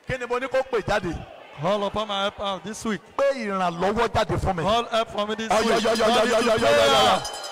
Kí ni mo ní kó pè jáde? Call upon my help out uh, this week. Pé ìrànlọ́wọ́ jáde fún mi. Call help for me this week. Ọ̀yọ̀yọ̀yọ̀yọ̀yọ̀yọ̀yọ̀.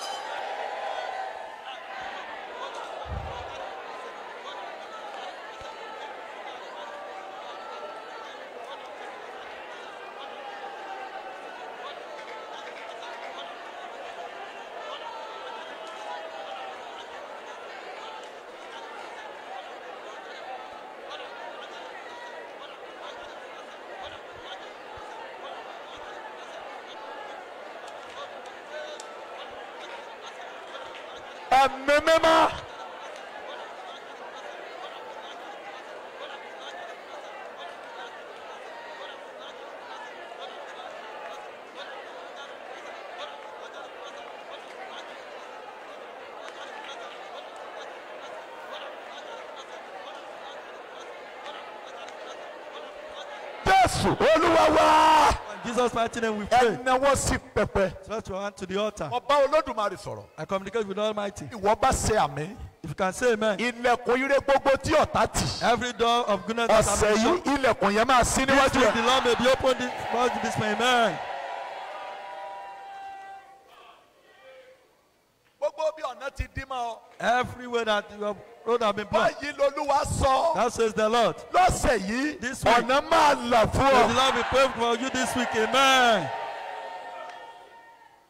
jésù olúwa wá. jesus mighty name we pray. ẹnáwó sí pẹpẹ. stretch your hand to the altar. mo olódùmarè sọ̀rọ̀. i communicate with almighty. ìwọ bá ṣe àmín. if you can say amen. ilẹ̀kùn ire gbogbo tí ọ̀tá tì. every door of goodness. ọ̀sẹ̀ yìí ilẹ̀kùn yẹn máa ṣí níwájú rẹ̀. this week the lord may be open this this morning amen. everywhere that your um, road have been blocked. báyìí lolúwa sọ. that says the lord. lọ́sẹ̀ yìí. this week ọ̀nà máa là fún ọ. may the lord be paved for you this week amen.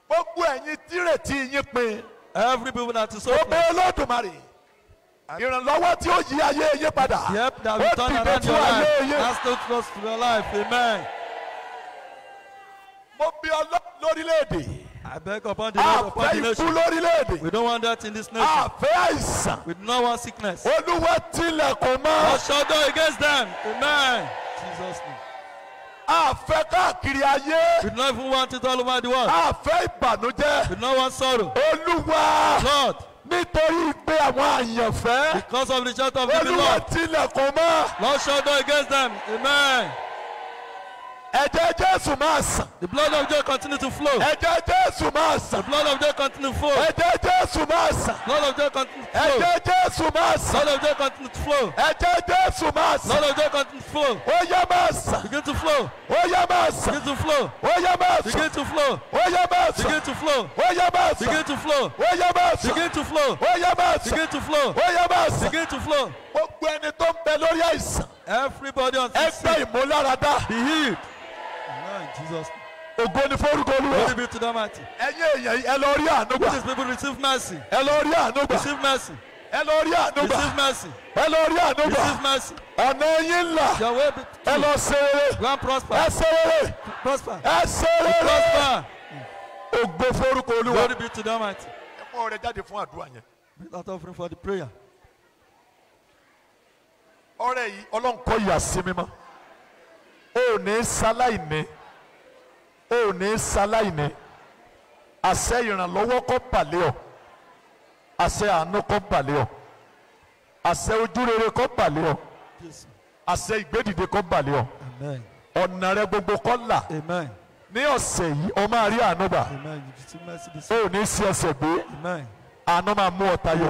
gbogbo ẹ̀yin tírètí yín pin. every people that is so ó bẹ olódùmarè ìrànlọ́wọ́ tí ó yí ayé yé padà ó dìde fún ayé yé. mo bí ọlọ́run lórílẹ̀‐èdè. I upon the Lord upon the nation. We don't want that in this nation. Àfẹ́ àìsàn. We do not sickness. Olúwa tilẹ̀kùn mọ́. God shut against them. Amen. Jesus name. Àfẹ́ káàkiri ayé. We do even want it all over the world. Àfẹ́ ìbànújẹ́. We do want sorrow. Olúwa. Lord. Nítorí pé àwọn àyànfẹ́. Because of the shout of the Lord. Olúwa tilẹ̀kùn mọ́. Lord shut against them. Amen ẹ̀jẹ̀ jésù máa sàn. the blood of joy continue to flow. ẹ̀jẹ̀ jésù máa sàn. the blood of joy continue to flow. ẹ̀jẹ̀ jésù máa sàn. blood of joy continue to flow. ẹ̀jẹ̀ jésù máa sàn. blood of joy continue to flow. ẹ̀jẹ̀ jésù máa sàn. blood of joy continue to flow. ó yẹ máa sàn. begin to flow. ó yẹ máa sàn. begin to flow. ó yẹ máa sàn. begin to flow. ó yẹ máa sàn. begin to flow. ó yẹ máa sàn. begin to flow. ó yẹ máa sàn. begin to flow. ó yẹ máa sàn. begin to flow. ó yẹ máa sàn. begin to flow. gbogbo ẹni tó ń bẹ lórí àìsàn. everybody on the street. ẹgbẹ́ ìmúláradá. be healed. Jesus. Ògo ni fórúkọ Olúwa. Glory to the mighty. Ẹ̀yin èèyàn ẹ lọ rí àánú receive mercy. Ẹ lọ Receive mercy. Ẹ lọ Receive mercy. Ẹ lọ Receive mercy. Ọ̀nà yín là. Your way be true. Ẹ lọ prosper. Prosper. Prosper. Ògo Olúwa. Glory be to the mighty. Ẹ mú ọrẹ jáde fún àdúrà yẹn. Bring that offering for the prayer. Ọrẹ yìí Ọlọ́run kọ́ ìyà ò ní sáláì o ò ní ṣaláìní àṣẹ ìrànlọ́wọ́ kó pàlẹ́ ọ àṣẹ àánú kó pàlẹ́ ọ àṣẹ ojúrere kó pàlẹ́ ọ àṣẹ ìgbédìde kó pàlẹ́ ọ ọ̀nà rẹ gbogbo kó là ní ọ̀sẹ̀ yìí o máa rí àánú gbà o ò ní sí ẹsẹ̀ gbé àánú máa mú ọ tayọ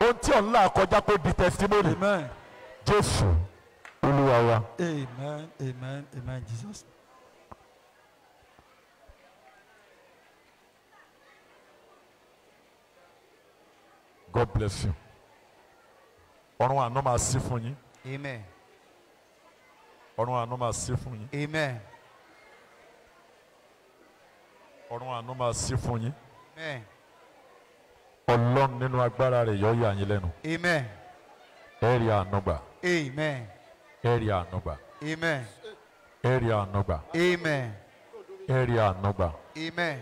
ohun tí ọ̀ là kọjá kó di testimony Jésù Olúwa wa. amen amen amen Jesus. God bless you. Ọ̀run àná máa sí fún yín. Amen. Ọ̀run àná máa sí fún yín. Amen. Ọ̀run àná máa sí fún yín. Amen. Ọlọ́run nínú agbára rẹ̀ yọ yà yín lẹ́nu. Amen. Ẹ̀rì ànúgbà. Amen. Ẹ̀rì ànúgbà. Amen. Ẹ̀rì ànúgbà. Amen. Ẹ̀rì ànúgbà. Amen.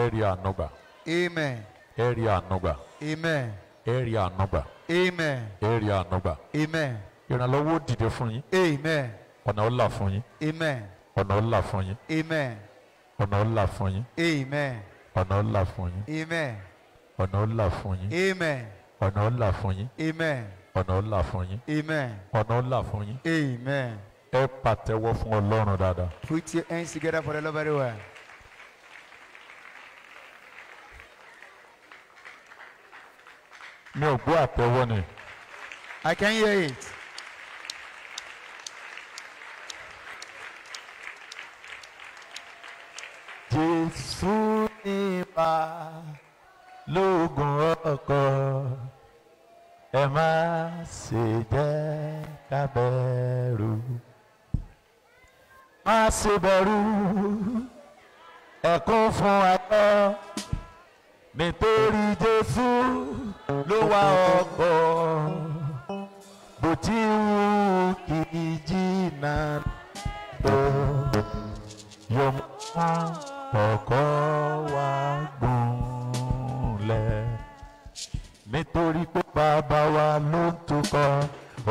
Ẹ̀rì ànúgbà. Amen area number. amen. area number. amen. area number. amen. ìrànlọ́wọ́ dìde fún yín. amen. ọ̀nà ọ̀la fún yín. amen. ọ̀nà ọ̀la fún yín. amen. ọ̀nà ọ̀la fún yín. amen. ọ̀nà ọ̀la fún yín. amen. ọ̀nà ọ̀la fún yín. amen. ọ̀nà ọ̀la fún yín. amen. ọ̀nà ọ̀la fún yín. amen. ọ̀nà ọ̀la fún yín. amen. ẹ pàtẹ́wọ́ fún Ọlọ́run dáadáa. put your hands together for the Lord very well. mi ò gbọ́ àtẹ́wọ́ ni. I can hear it. Jésù ni màá lóògùn ọkọ ẹ má ṣe jẹ́ ká bẹ̀rù má ṣe bẹ̀rù ẹ̀kún fún ayọ̀ nítorí Jésù ló wá ọkọ bó ti wù kí jìnnà lọ yọmọ ọkọ wa gúnlẹ̀ nítorí pé bàbá wa ló ń tukọ̀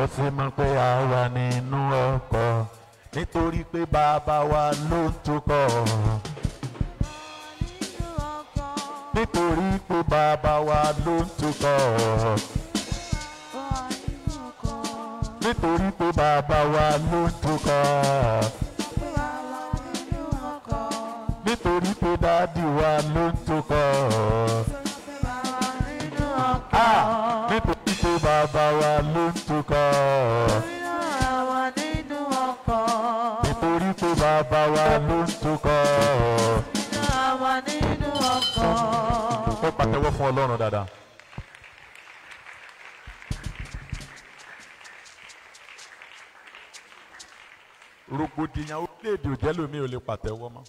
ó sì mọ̀ pé a wà nínú ọkọ̀ nítorí pé bàbá wa ló ń tukọ̀ nítorí pé bàbá wa ló ń tukọ̀ nítorí pé bàbá wa ló ń tukọ̀ nítorí pé dáàdì wa ló ń tukọ̀ ah, nítorí pé bàbá wa ló ń tukọ̀ nítorí pé bàbá wa ló ń tukọ̀ nínú ọkọ̀. ó pàtẹ́wọ́ fún ọlọ́run dáadáa. rògbòdìyàn orílẹ̀-èdè òjẹ́ lómi ò lè pàtẹ́wọ́ mọ́.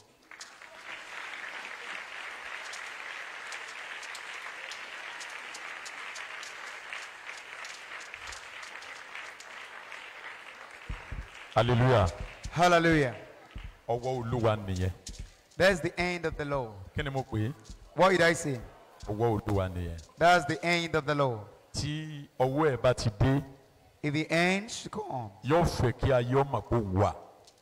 hallelujah. hallelujah. ọwọ́ olúwa nìyẹn. That's the end of the law. Kí ni mo pè é? What did I say? Ọwọ́ Olúwa nìyẹn. That's the end of the law. Tí ọwọ́ ẹ̀ bá ti dé. If the end should come. Yóò fẹ́ kí ayé ọmọ kó wà.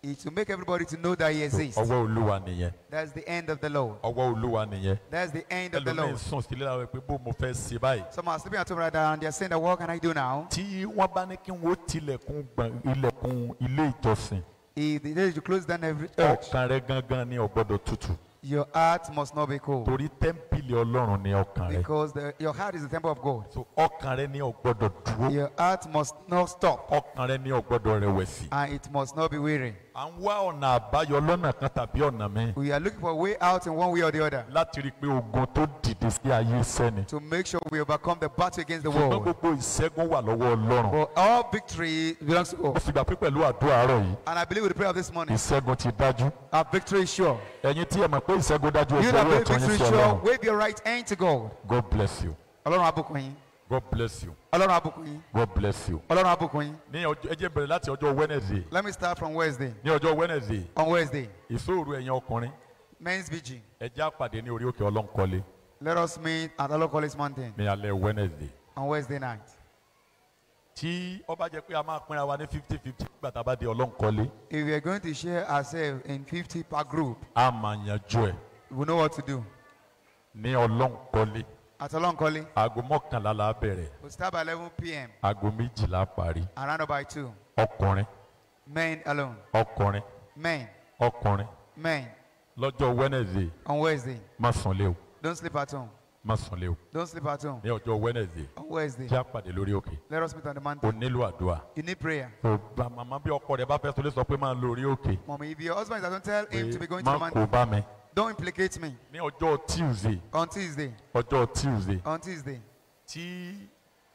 It will make everybody to know that he exists. Ọwọ́ Olúwa nìyẹn. That's the end of the law. Ọwọ́ Olúwa nìyẹn. That's the end of the law. Ẹlòmíì sùn sílé àwọn pé bó mo fẹ́ ṣe báyìí. Some are sleeping at home right now and they are saying that what can I do now? Tí wọ́n bá ní kí wọ́n tilẹ̀kùn ilẹ̀kùn ilé ìjọsìn. He, the day you close down every church. Ọkàn rẹ gangan ni ò gbọ́dọ̀ Your heart must not be cold. Torí tẹ́ḿpìlì Ọlọ́run ni ọkàn rẹ. Because the, your heart is the temple of God. So ọkàn rẹ ni ò dúró. Your heart must not stop. Ọkàn rẹ ni ò rẹ̀wẹ̀sì. And it must not be weary. À ń wá ọ̀nà àbáyọ lọ́nà kan tàbí ọ̀nà mẹ́rin. We are looking for a way out in one way or the other. Láti rí pé ogun tó dìde sí ayé sẹ́ni. To make sure we overcome the battle against the world. Ṣùgbọ́n gbogbo ìṣẹ́gun wà lọ́wọ́ Ọlọ́run. For all victory belongs to God. Mo fìgbà pé pẹ̀lú àdúrà àárọ̀ yìí. And I believe with the prayer of this morning. Ìṣẹ́gun ti dájú. Our victory is sure. Ẹ̀yin tí ẹ mọ̀ pé You that make big ritual, wave your right hand to God. God bless you. Ọlọ́run á yín. God bless you. Ọlọ́run á yín. God bless you. Ọlọ́run á yín. Ní ọjọ́ ẹ bẹ̀rẹ̀ láti ọjọ́ Wednesday. Let me start from Wednesday. Ní ọjọ́ Wednesday. On Wednesday. Ìṣòro ẹ̀yin ọkùnrin. Men's vigil. Ẹ jẹ́ á pàdé ní orí òkè Ọlọ́nkọ́lé. Let us meet at Ọlọ́nkọ́lé's mountain. Ní alẹ́ Wednesday. On Wednesday night tí ó bá pé a máa pinra wa ní fifty fifty nígbà tá a bá di ọlọ́nkọ́lé. if we are going to share ourselves in fifty per group. a máa yanjú ẹ. we know what to do. ní ọlọ́nkọ́lé. at ọlọ́nkọ́lé. aago mọ́kànlá la bẹ̀rẹ̀. we start by eleven pm. aago méjìlá parí. around about two. ọkùnrin. men alone. ọkùnrin. men. ọkùnrin. men. lọ́jọ́ wednesday. on wednesday. má sùn lé o. don't sleep at home má sùn lé o. don't sleep at home. ní ọjọ́ wednesday. on wednesday. kí a pàdé lórí òkè. let us meet on the mountain. o nílò àdúrà. you need prayer. o bá màmá bí ọkọ rẹ bá fẹ́ sọlé sọ pé máa lọ òkè. mọ̀mí if your husband is at home tell him to be going to the mountain. má kó bá mi. don't implicate me. ní ọjọ́ tuesday. on tuesday. ọjọ́ tuesday. on tuesday. tí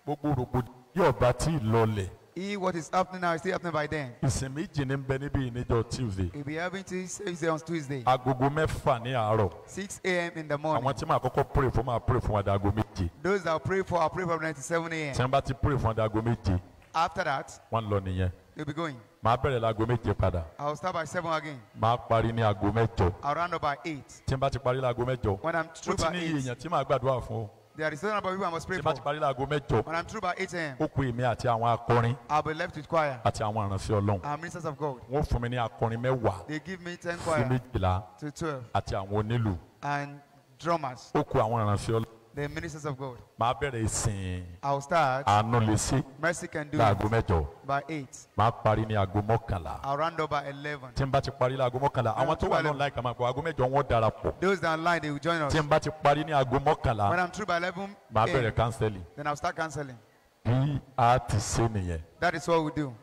gbogbo rògbòdìyàn bá ti lọlẹ̀. He, what is happening now is still happening by then. Ìsinmi ìjì ni ń bẹ níbí yìí níjọ́ Tuesday. We'll be having tea service on Tuesday. Agogo mẹ́fà ní àárọ̀. Six a.m. in the morning. Àwọn tí màá kọ́kọ́ pray fún màá pray fún wa dago méje. Those that pray for are pray for nine seven a.m. Tí wọ́n bá ti pray fún wa dago méje. After that. Wọ́n lọ nìyẹn. They'll be going. Màá bẹ̀rẹ̀ láago méje padà. I will start by seven again. Màá parí ní aago mẹ́jọ. I will by eight. Tí n bá ti parí láago mẹ́jọ. When I'm through by eight. Ó ti ní iye èèyàn tí màá gbàdúrà fún o there is certain number I must pray for. ṣé parí láago mẹ́jọ. when I'm through by eight a.m. ó ku èmi àti àwọn akọrin. I will be left with choir. àti àwọn ìránṣẹ́ Ọlọ́run. and ministers of God. wọ́n fún mi ní akọrin mẹ́wàá. they give me ten choir. sí méjìlá. to twelve. àti àwọn onílù. and drummers. ó ku àwọn ìránṣẹ́ Ọlọ́run the ministers of God. Màá bẹ̀rẹ̀ ìsìn. I will start. Àánú lè ṣe. Mercy can do it. Láago mẹ́jọ. By eight. Màá parí ní aago mọ́kànlá. I will round up by eleven. Tí n bá ti parí láago mọ́kànlá, àwọn tó wà ní online kan máa gbọ́, aago mẹ́jọ wọ́n darapọ̀. Those that are online they will join us. Tí n bá ti parí ní aago mọ́kànlá. When I'm through by eleven. Màá bẹ̀rẹ̀ counseling. Then I will start counseling. Bí a ti ṣe nìyẹn. That is what we do.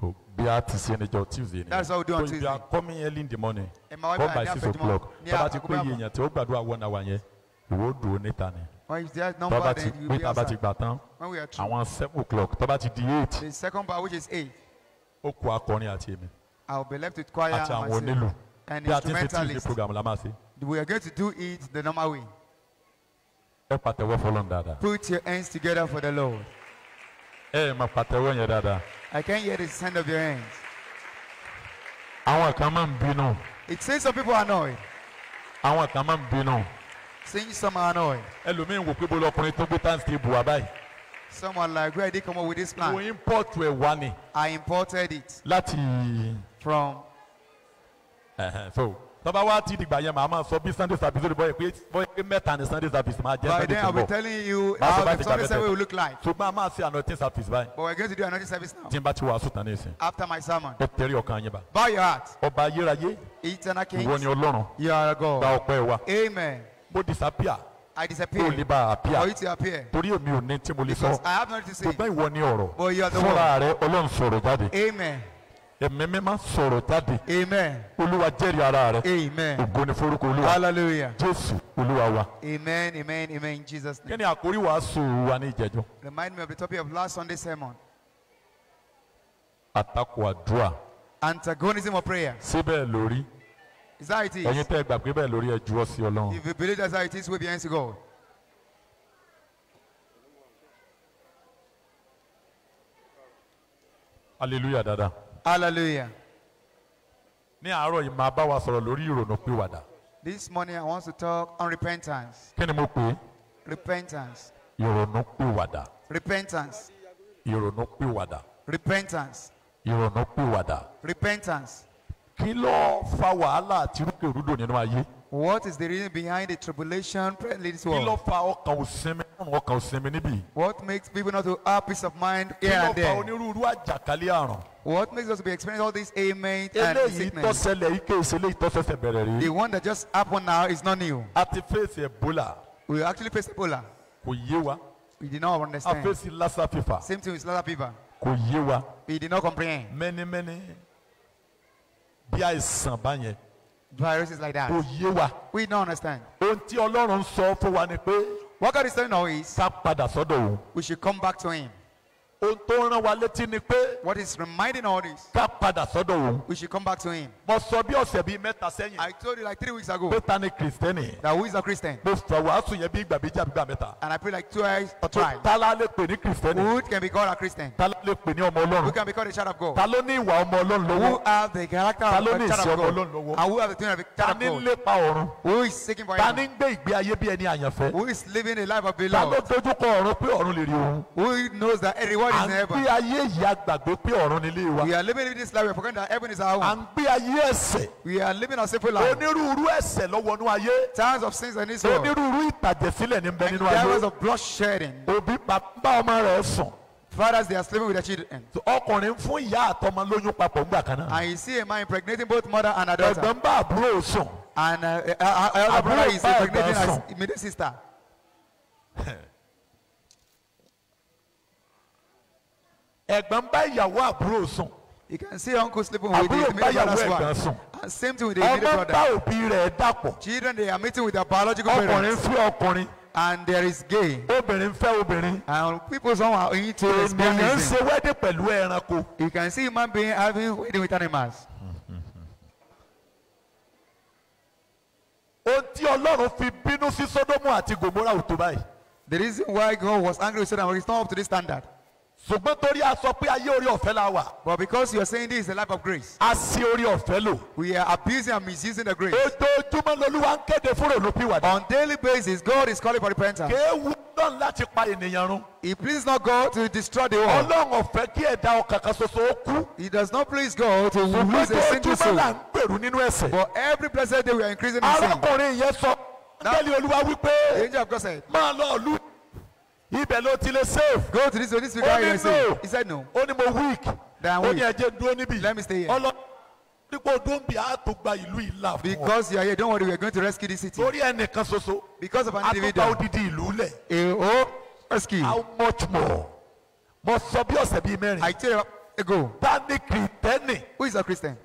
So bí a ti ṣe níjọ Tuesday ni. That's what we do on Tuesday. So if you are coming early in the morning, come by six o'clock. Tọ́ba ti pé iye èèyàn tí ó gbàdúrà one hour yẹn ìwọ dúró níta ni tọ́ba ti pé tọ́ba ti gbà tán àwọn seven o'clock tọ́ba ti di eight the second part, which is eight ó kù akọrin àti èmi àti àwọn onílù bí a ti ṣe tuesday program la máa ṣe. we are going to do it the normal way. ẹ pàtẹ́wọ́ fọlọ́n dáadáa. put your hands together for the lord. ẹ ẹ máa pàtẹ́wọ́ yẹn dáadáa. I can hear the sound of your hands. àwọn kan máa ń bínú. it seems some people are annoyed. àwọn kan máa ń bínú. Sing some annoy. ẹlòmíín wò pé bọ́lá ọkùnrin tó gbé tán ti bù wá báyìí. someone like where did come up with this plan. mo import ẹ̀ wá ni. I imported it. láti. from. Uh-huh. so tọ́ba wá ti dìgbà yẹn màá máa sọ bí sunday service lórí bọ́yẹ̀ pé bọ́yẹ̀ pé mẹ́ta ni sunday service máa jẹ́ sunday tomorrow. by then I'll be telling you how the sunday service will look like. So, a máa ṣe anointing service báyìí. but we're going to do anointing service now. tí n bá ti wàásù tán nísìn. after my sermon. ó tẹ̀rí ọkàn yín bá. bow your heart. ọba ayérayé. eternal king. ìwọ ni ọlọ́run. you are God. gba ọpẹ́ wa. amen mo disappear. I disappear. Kó o lè bá appear. For you to appear. Torí èmi ò ní tí mo lè sọ. Because I have nothing to say. Ṣùgbọ́n ìwọ ni ọ̀rọ̀. But you are the one. Fúnra rẹ Ọlọ́run sọ̀rọ̀ jáde. Amen. Ẹ̀mí mímá sọ̀rọ̀ jáde. Amen. Olúwa jẹ́rìí ara rẹ. Amen. Ògo ni forúkọ Olúwa. Hallelujah. Jésù Olúwa wa. Amen amen amen in Jesus name. Kí ni àkórí wàásù wa ní ìjẹ́jọ́? Remind me of the topic of last Sunday sermon. Àtakò àdúrà. Antagonism of prayer. Síbẹ̀ lórí. Is that it is? ẹ̀yin tẹ́ gbàgbé bẹ́ẹ̀ lórí ẹ juwọ́ sí Ọlọ́run. If you believe that's how it is, we your hands to God. hallelujah dada. hallelujah. ní àárọ̀ yìí máa bá wa sọ̀rọ̀ lórí ìrònú pìwàdà. This morning I want to talk on repentance. kí ni mo pè é. repentance. ìrònú pìwàdà. repentance. ìrònú pìwàdà. repentance. ìrònú pìwàdà. repentance kí ló fa wàhálà àti rúkèrúdò nínú ayé. What is the reason behind the tribulation in this world? Kí ló fa ọkàn òsinmi nínú ọkàn òsinmi níbí? What makes people not to have peace of mind here and there? Kí ló fa onírúurú àjàkálẹ̀ àrùn? What makes us be experiencing all these ailments and sickness? Eléyìí tọ́sẹ̀lẹ̀ ike ìṣẹ̀lẹ̀ ìtọ́sẹ̀sẹ̀ bẹ̀rẹ̀ rí. The one that just happened now is not new. A ti face Ebola. We actually face Ebola. Kò yé wa. We did not understand. A face Lassa fever. Same thing with Lassa fever. Kò yé wa. We did not comprehend. Many many bí àìsàn bá yẹn. virus is like that. kò yé wa. we don't understand. ohun tí Ọlọ́run sọ fún wa ni pé. what God is telling us is. ká padà sọ́dọ̀ òun. we should come back to him ohun tó rán wa létí ni pé. what is reminding all this. ká padà sọ́dọ̀ òun. we should come back to him. mo sọ bí ọ̀sẹ̀ bíi mẹ́ta sẹ́yìn. I told you like three weeks ago. pété ni kristẹni. that who is a christian. mo sọ wàásù yẹn bí ìgbà méjì àbí ìgbà mẹ́ta. and I pray like twice or thrice. tala lè pè ní kristẹni. who can be called a christian. tala lè pè ní ọmọ ọlọ́run. who can be called a child of God. ta ló ní ìwà ọmọ ọlọ́run lọ́wọ́. who have the character of a child of God. ta ló ní ìṣe ọmọ ọlọ́run lọ́wọ́. and who have the is seeking for heaven. ta who is living a life of beloved. who knows that everyone God is in heaven. ayé yìí a pé ọ̀run nílé wa. we are living in this life we forget that heaven is our home. à ayé ẹ̀ṣẹ̀. we are living a simple life. onírúurú ẹ̀ṣẹ̀ ló wọnú ayé. times of sins and issues. onírúurú ìtàjẹ̀sílẹ̀ ní bẹ nínú ayé. and there was a blood shedding. òbí bàbá ọmọ rẹ̀ sùn. Fathers, they are sleeping with their children. ọkùnrin fún ìyá àtọmọ lóyún papọ̀ ńgbà kan náà. and see a man impregnating both mother and her daughter. ẹ̀gbọ́n àbúrò sùn. and uh, uh, uh, her uh, uh, brother is impregnating her middle sister. ẹ̀gbọ́n bá ìyàwó àbúrò sùn. You can see uncle sleeping with his middle brother's wife. And same thing with the middle brother. Ọmọ bá òbí rẹ̀ dàpọ̀. Children they are meeting with their biological parents. Ọkùnrin fẹ́ ọkùnrin. And there is gay. Obìnrin fẹ́ obìnrin. And people some are into lesbianism. Ènìyàn ń ṣe wedding pẹ̀lú ẹranko. You can see human being having wedding with animals. Ohun tí Ọlọ́run fi bínú sí Sódómù àti Gòmórà ò tó báyìí. The reason why God was angry with Sodom is not up to this standard ṣùgbọ́n torí a sọ pé ayé orí ọ̀fẹ́ la wà. but because you are saying this is the life of grace. a ṣi orí ọ̀fẹ́ lò. we are abusing and misusing the grace. ojoojúmọ́ lolúwa ń kéde fún olùpìwàdà. on daily basis God is calling for repentance. kéwù náà láti pa ènìyàn run. It pleases not God to destroy the world. Ọlọ́run ò kí ẹ̀dá ọkàn kan ṣoṣo ó kú. It does not please God to lose a single soul. ṣùgbọ́n ojoojúmọ́ là ń gbèrú nínú ẹ̀ṣẹ̀. but every blessed day we are increasing in sin. arákùnrin yẹn sọ. angel olúwa wípé. angel of God said. máa lọ ìlú ibẹ̀ ló ti lè save. go to this this figure how you dey save. he said no. ó ní mo weak. then weak. ó ní ẹjẹ dúró níbí. let me stay here. ọlọ dípò dóńbì á tó gba ìlú ìlà fún ọ. because you are here don't worry we are going to rescue this city. lórí ẹnìkan ṣoṣo. because of an individual. a tó gba odidi ìlú lẹ̀. èho eh, rescue. how much more. mo sọ bí ọ̀sẹ̀ bíi mẹ́rin. i tell you ago. bá ní who is a christian.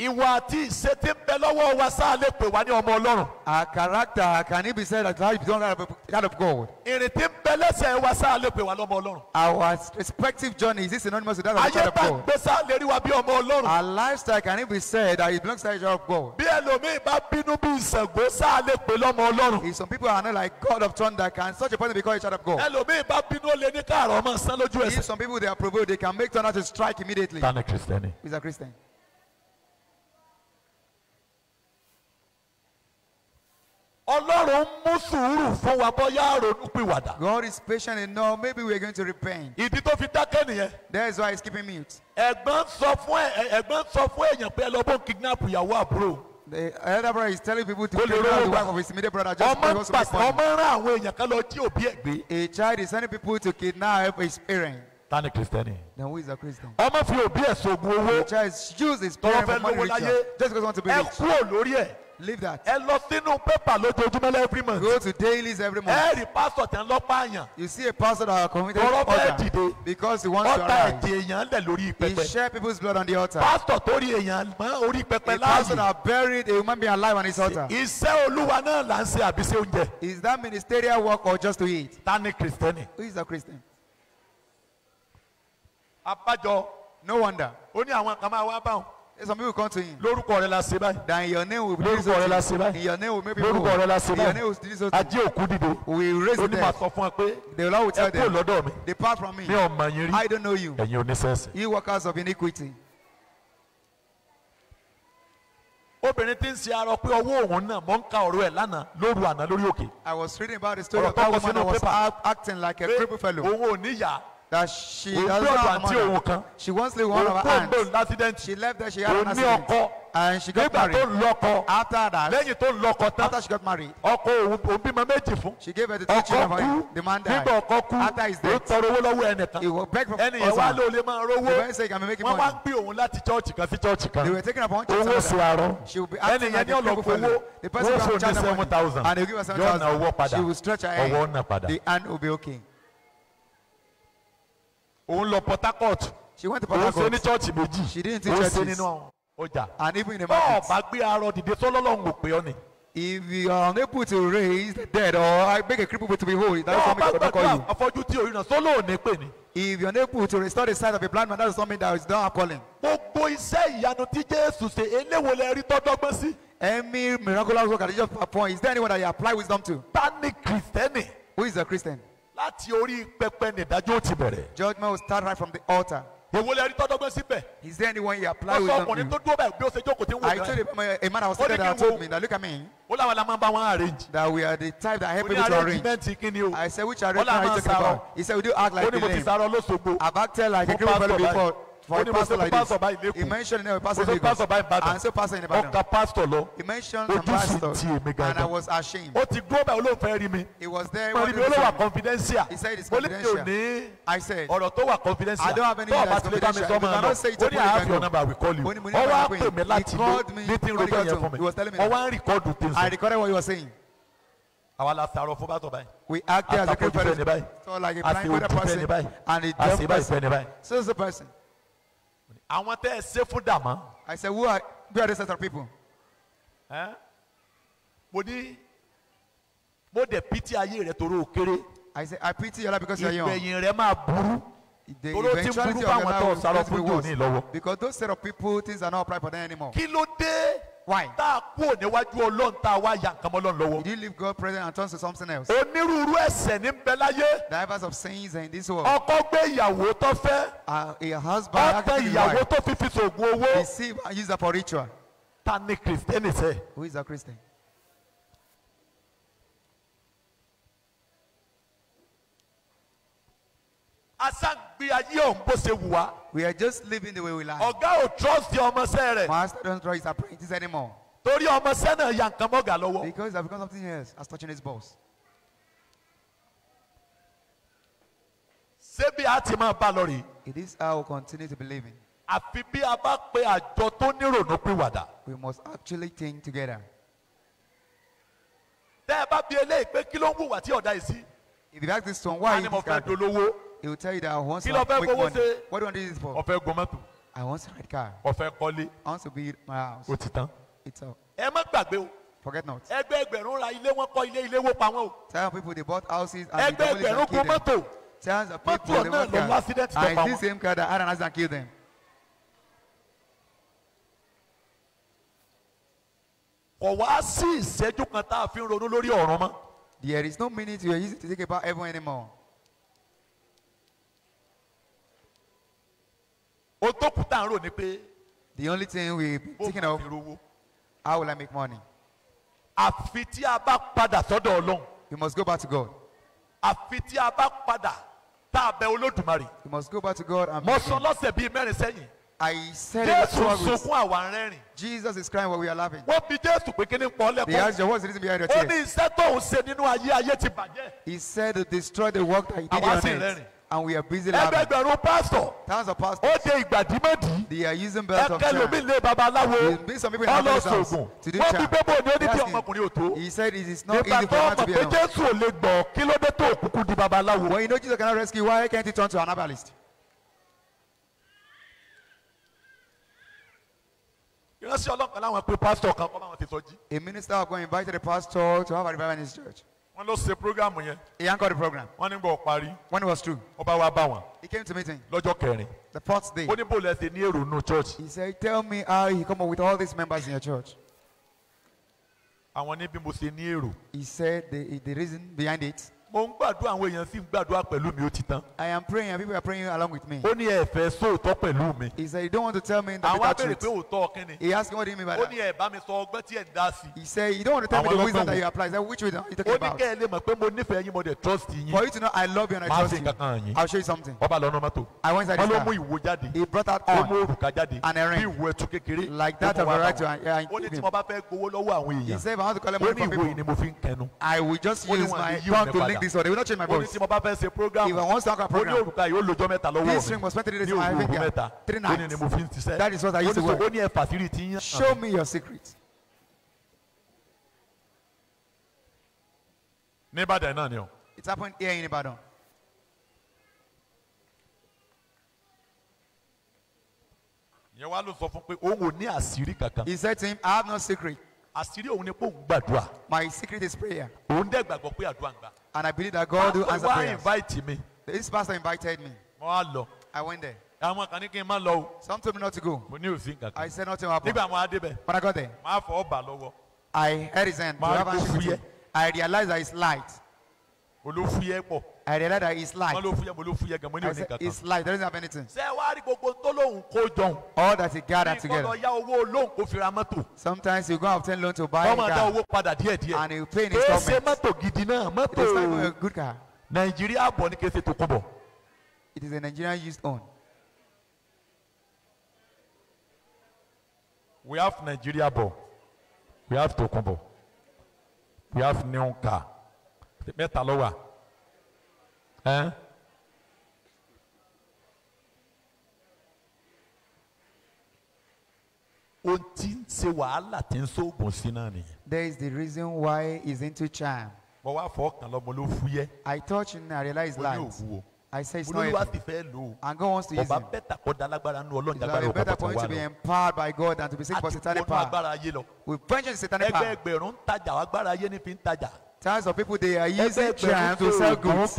ìwà àti ìṣe tí ń bẹ lọ́wọ́ wa sáà lè pè wá ní ọmọ Ọlọ́run. our character can it be said that life become that of of God. ìrìn tí ń bẹ lẹ́sẹ̀ wa sáà lè pè wá lọ́mọ Ọlọ́run. our respective journey is this anonymous? to that of the child God. ayé tá gbé sáà lè rí wa bí ọmọ Ọlọ́run. our lifestyle can it be said that it belongs to the child of God. bí ẹlòmíì bá bínú bí ìṣègbè sáà lè pè lọ́mọ Ọlọ́run. if some people are not like God of thunder can such a person be called a child of God. ẹlòmíì bá bínú lè ní káàrọ̀ ọmọ sán ẹsẹ̀. if some people they are provoked they can make thunder to strike immediately. tani Christian. Ọlọ́run mú sùúrù fún wa bóyá ronúpìwàdà. God is patient enough maybe we are going to repent. Ìdí tó fi dákẹ́ nìyẹn. That is why he is keeping mute. Ẹ̀gbọ́n sọ fún ẹ̀gbọ́n sọ fún èèyàn pé ẹ lọ bó ń kidnap ìyàwó àbúrò. The elder brother is telling people to kill the wife of his immediate brother just because of his point. Ọmọ rán àwọn èèyàn kan lọ jí òbí ẹ̀ gbé. A child is sending people to kidnap his parents. Ta ni Kristẹni. Then who is a Christian? Ọmọ fi òbí ẹ̀ sògùn owó. The child use his parents for money ritual just because he wants to be rich. Ẹ kúrò lórí ẹ̀ leave that. ẹ lọ sínú pépà lójoojúmọ́ every month. go to dailies every month. ẹ rí pásítọ̀ tẹ̀ ń lọ́pọ̀ àyàn. you see a pastor that are committed murder. tọrọ fẹ́ dìde. because he wants to arrive. ọta ẹ̀jẹ̀ èèyàn lẹ̀ lórí pẹpẹ. he shed people's blood on the altar. Pastor tó rí èèyàn mọ́ orí pẹpẹ láàyè. a pastor that buried a human being alive on his altar. iṣẹ́ olúwa náà là ń ṣe àbí ṣe oúnjẹ. is that ministerial work or just to eat. ta ni kristẹni. who is a christian. abájọ. no wonder. ó ní àwọn kan máa wá báwọn. Yes, I'm continue. Lórúkọ rẹ la ṣe báyìí. Then your name will be Jesus. Lórúkọ rẹ la ṣe báyìí. Your name will make people. Lórúkọ rẹ la ṣe báyìí. Your name will still Jesus. Ajé òkú dìde. We raise them. Onímọ̀ sọ fún ẹ pé. The Lord will tell them. Ẹ kú lọ́dọ̀ mi. Depart from me. Mi ò mọ̀ yín rí. I don't know you. Ẹ̀yin oníṣẹ́sì. You workers of iniquity. obìnrin tí ń ṣe arọ pé ọwọ́ òun náà mọ̀ ń ka ọ̀rọ̀ ẹ̀ lánàá lóru àná lórí òkè. I was reading about the story of that woman that was acting like a crippled fellow. òun ò yà that she doesn't have a mother. She wants lived with one of her aunts. Accident. She left there, she had an accident. And she got married. After that, after she got married, she gave her the two children for him. The man died. After his death, he was begged from any The man said, I'm making money. They were taken upon church. She will be asking the people. The person will be thousand. And he will give her thousand. She will stretch her hand. The hand will be okay òun lọ Port Harcourt. she went to Port Harcourt. òun ṣe ní chọ́ọ̀chì méjì. she didn't teach churches. òun ṣe nínú ọjà. and even in the market. bọ́ọ̀ bá gbé arọ dìde sọ́lọ́lọ́hún ò pé ọ ni. if you are unable to raise dead or make a cripple to be whole that is something God don call you. bọ́ọ̀ bá gbàgbọ́ àfọjú tí sọ́lọ́ ò ní pè ní. if you are unable to restore the sight of a blind man that is something that is don calling. gbogbo iṣẹ́ ìyanu tí Jésù ṣe eléwo lẹ rí tọ́dọ́gbọ́n sí. any miraculous work that you just perform is there anyone that you apply wisdom to. ta ni Kristẹni. who is a Christian láti orí pẹpẹ nìdájọ́ ti bẹ̀rẹ̀. judgment will start right from the altar. èwo lè rí tọ́dọ́gbọ́n síbẹ̀. is there anyone you apply with. ọsọ ọkùnrin tó dúró báyìí bí ó ṣe jókòó tí ń wò. I told a a man was sitting there told me that look at me. ó láwọn la máa bá wọn arrange. that we are the type that help people to arrange. I said which arrangement are you talking about. he said we do act like the name. ó ní mo ti sàrọ̀ lóṣogbo. I back like a group of people before for the pastor like this he mentioned the name of pastor in Lagos and say pastor in Ibadan ọkà pastor lọ he mentioned the pastor and I was ashamed ó ti dúró bẹ́ẹ̀ olóhùn fẹ́ rí mi he was there when he was there confidential he said it's confidential ó lè ní I said ọ̀rọ̀ tó wà confidential I don't have any that's confidential you cannot say it to me I have your number we call you ọwọ́ àpè mi láti ní meeting room yẹn fún mi ọwọ́ à ń record things I recorded what you were saying àwa la sàrọ̀ fún bàtọ̀ báyìí. we act there as a good person so like a blind person and a deaf person so is the person àwọn tẹ́ ẹ ṣe fún dàmọ́. I say who are who are these set of people. Eh? mo ní mo dẹ̀ pity ayé rẹ torí o kéré. I say I pity yàrá because you are young. ìgbẹ̀yìn rẹ máa burú. the eventuality of your life will be worse because those set of people things are not applied for them anymore. kí ló dé. Why? Tá a kúrò níwájú Ọlọ́run tá a wá ya nǹkan mọ́ lọ́wọ́. Did you leave God present and turn to something else? Onírúurú ẹ̀ṣẹ̀ ní bẹ Divers of sins in this world. Ọkọ gbé ìyàwó tó fẹ́. A husband acting in life. Ọ̀pẹ ìyàwó tó fi fi sògùn owó. Receive and use that for ritual. Ta ni Kristẹni sẹ́? Who is a Christian? Asangbe ayé ọ̀hún bó ṣe wù wá we are just living the way we like. ọ̀gá ò trust di ọmọọṣẹ́ rẹ̀. master don't trust his apprentice anymore. torí ọmọọṣẹ́ náà ya nǹkan mọ́gà lọ́wọ́. because he has become something else as touching his boss. ṣé bí a ti máa bá lọ rèé. it is how we continue to believe in. àfi bí a bá pe àjọ tó nírònú pìwàdà. we must actually think together. tẹ́ ẹ bá bi eléyìí pé kí ló ń wùwà tí ọ̀dà yìí sí. if you ask this one why you discard. a ní fẹ́ dolówó he will tell you that I want some money. what do you want this for. ó fẹ́ gun I want a red car. ó fẹ́ I want to build my house. ó ti tán. it's all. ẹ má gbàgbé o. forget not. ẹgbẹ́ ẹgbẹ̀rún ra ilé wọn kọ́ ilé ilé wó pa wọn o. seven people they bought houses and ẹgbẹ́ ẹgbẹ̀rún gun mọ́tò. tens people they bought cars and it's the same car that had an accident kill them. kò wá sí ìṣẹ́jú kan tá a fi ń ronú lórí ọ̀run mọ́. there is no meaning to are using to think about heaven anymore. o tó kú tá à rò ni pé. the only thing we thinking of how will I make money. àfi tí a bá padà sọ́dọ̀ Ọlọ́run. we must go back to God. àfi tí a bá padà tá a bẹ Olódùmarè. we must go back to God and. mo sọ lọ́sẹ̀ bíi mẹ́rin sẹ́yìn. I said Jesus it was Jesus sunkún àwa rẹ́rìn. Jesus is crying while we are laughing. Wọ́n bi Jésù pé kí ni pọ́ lẹ́kọ̀ọ́. They asked him what's the reason behind your tears. Ó ní iṣẹ́ tó ń ṣe nínú ayé ayé ti bàjẹ́. He said to destroy the work that he did on earth. Àwa sì rẹ́rìn and we are busy laughing. ẹgbẹgbẹrún pastor. thousands of pastors. ó de ìgbàdímọ̀dì. they are using bells of charm. ẹkẹlòmí lè babaláwo. some people in the house to do charm. wọ́n fi gbẹ́bọ̀ ní oníbi ọmọkùnrin òtó. he said it is not easy for a man to be alone. nígbà tó ọmọ pé jésù ò lè gbọ́ kí ló dé tó òkùnkùn di babaláwo. when you know Jesus cannot rescue why can't he turn to an herbalist. ìránṣẹ́ ọlọ́kan láwọn pe pastor kan kọ́ bá wọn ti sọ jí. a minister of God invited a pastor to have a revival in his church wọ́n lọ ṣe program yẹn. he anchored the program. wọ́n ní gbọ́ parí. when it was true. ọba wa bá wọn. he came to meeting. lọ́jọ́ kẹrin. the fourth day. ó ní bóòlù ẹsẹ̀ ní èrò nù church. he said tell me how he come up with all these members in your church. àwọn ní bí mo ṣe ní èrò. he said the the reason behind it mo ń gbàdúrà àwọn èèyàn sì ń gbàdúrà pẹ̀lú mi ó ti tán. I am praying and people are praying along with me. ó ní ẹ fẹ́ sóòótọ́ pẹ̀lú mi. He said you don't want to tell me the bitter truth. àwọn abèrè pé òótọ́ kínni. He asked me what do you mean by that. ó ní ẹ bá mi sọ ọgbẹ́ tí ẹ̀ ń dá sí. He said you don't want to tell me the wisdom that you apply. I said which wisdom are you talking about. ó ní kẹ́ ẹ lè mọ̀ pé mo nífẹ̀ẹ́ yín mo dẹ̀ trust yín. For you to know I love you and I trust you. máa ṣe kankan yín. I will show you something. ọba lọ́nà mọ́tò. I went inside his car. wọ́n ló jáde. He brought out a ring. like that of He said I want to collect money I will just use my tongue to link like this they will not change my voice. mo bá fẹ́ ṣe program. if I wan start a program. ó ní yóò lọ́jọ́ mẹ́ta lọ́wọ́ mi. ní òru mẹ́ta three nights. ó mo fi ṣiṣẹ́. that is what I used to work. ó ní ẹ fàṣírí tí show me your secret. ní náà ni o. it happened here in Ìbàdàn. yẹn wá ló sọ fún pé òun ò ní àṣírí kankan. he said to him I have no secret. àṣírí òun ni pé òun gbàdúrà. my secret is prayer. òun dẹ́ pé àdúrà ń gbà. And I believe that God will answer prayers. invite me. This pastor invited me. Mo wá I went there. Some told me not to go. Mo ní òfin kankan. I said nothing happened. Nígbà mo á débẹ̀. When I got there. I heard his hand. I realized that it's light olófúyẹ́ pọ̀. I realize that it's light. wọ́n mo ló gan mo ní òní kankan. it's light there isn't have anything. ṣé wàá rí gbogbo tó kó jọun. all that he gather together. bí ya owó lóhùn kó fi ra mọ́tò. sometimes you go obtain loan to buy a car. wọ́n máa owó padà díẹ̀ díẹ̀. and you pay in installments. kò ṣe mọ́tò gidi náà mọ́tò. it is not a good car. nàìjíríà bọ̀ ní kése tó kún bọ̀. it is a Nigerian used own. we have Nigeria bọ̀ we have Tokunbo we have new car mẹ́ta ló ẹ́ o ti ń ṣe wàhálà tí ń sóògùn sí náà nìyẹn. that is the reason why he is into charm. mo wá fọ ọkàn lọmọ ló fúyẹ́. I touch and I realize light. mo ní òwúwo. I say it's not easy. olúwa fẹ́ lò ó. and God wants to use him. ọba bẹ́tà kọ́ da alágbára nu ọlọ́run agbára òkú àti wà lọ. better for to be empowered by God than to be sick for satanic power. a ti wọnú agbára ayé lọ. we venture the satanic power. ẹgbẹ́ ẹgbẹ̀rún ń tajà agbára ayé ní fi ń tajà thousands of people they are using charm to sell goods.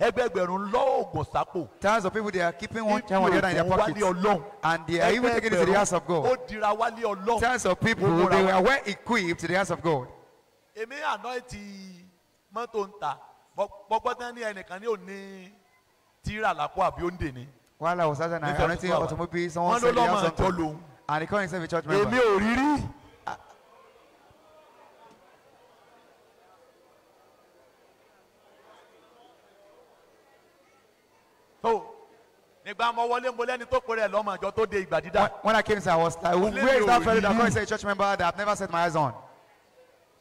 ẹgbẹgbẹrún lọ sápò. thousands of people they are keeping one charm on the other in their pocket. ibi oògùn wálé ọlọ́run. and they are even taking it to the house of God. ó dira wálé ọlọ́run. thousands of people they were well equipped to the house of God. èmi ànáìtì mọ́tò ń ta gbọ́gbọ́dán ní ẹnìkan ní òní tíra làpọ̀ àbí òǹdè ni. while I was out I was renting automobile someone said he had something and he called himself a church member. èmi ò rí rí. tó nígbà mo wọlé mo lẹ́ni tó pèrè lọ́mọ àjọ tó de ìgbà dídá. when i came to our house where is that fellow that come say church member that i never set my eyes on.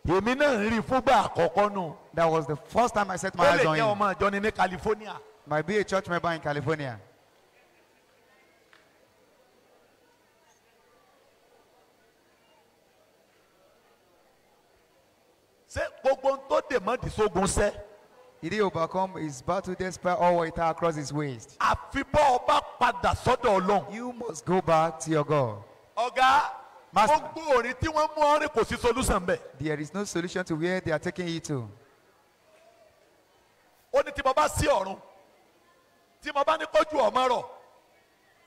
èmi náà rí fúgbà àkọ́kọ́ nù. that was the first time i set my eyes on him. ó lè jẹ́ ọmọ àjọ ni ní California. might be a church member in California. ṣé gbogbo ohun tó dè mọ́ dìsógun sẹ́. He did overcome his battle despite all water across his waist. Àfibọ́ ọba padà sọ́dọ̀ Ọlọ́run. You must go back to your God. Ọ̀gá gbogbo orin tí wọ́n mú ọrin kò sí solution bẹ́ẹ̀. There is no solution to where they are taking you to. Ó ní tí mo bá sí ọ̀run, tí mo bá ní kójú ọmọ rọ̀,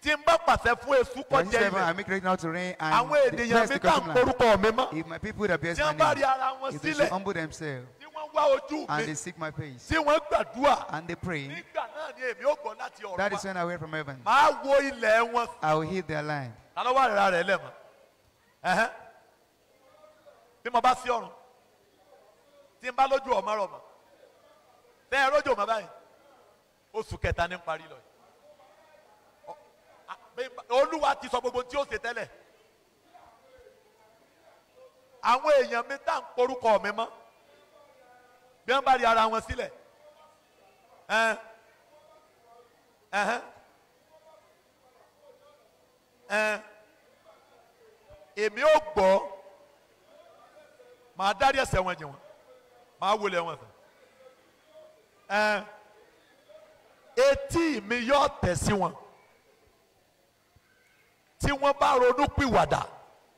tí n bá pàṣẹ fún èṣù kọjá ilẹ̀. Àwọn ènìyàn mi kà ń porúkọ mi mọ́. Tí wọ́n bá rí ara wọn sílẹ̀ wá ojú mi. and they seek my face. tí wọ́n gbàdúrà. and they pray. nígbà náà ni èmi ó gbọ́ láti ọ̀run wa. that is when I hear from heaven. máa wo ilẹ̀ wọn. I will heal their line. ta ló wà rẹ̀ rẹ̀ lẹ́mọ̀. bí mo bá sí ọ̀run tí n bá lójú ọmọ rọ̀ mọ́ bẹ́ẹ̀ rọ́jò mọ́ báyìí oṣù kẹta ní parí lọ olúwa ti sọ gbogbo tí ó ṣe tẹ́lẹ̀ àwọn èèyàn mi tá à ń porúkọ mi mọ́ bí wọ́n bá rí ara wọn sílẹ̀ ẹn ẹn ẹn èmi ò gbọ́ màá dárí ẹsẹ̀ wọn jẹ wọn màá wọlé wọn sàn ẹn etí mi yọ tẹ̀ sí wọn tí wọ́n bá ronú pìwàdà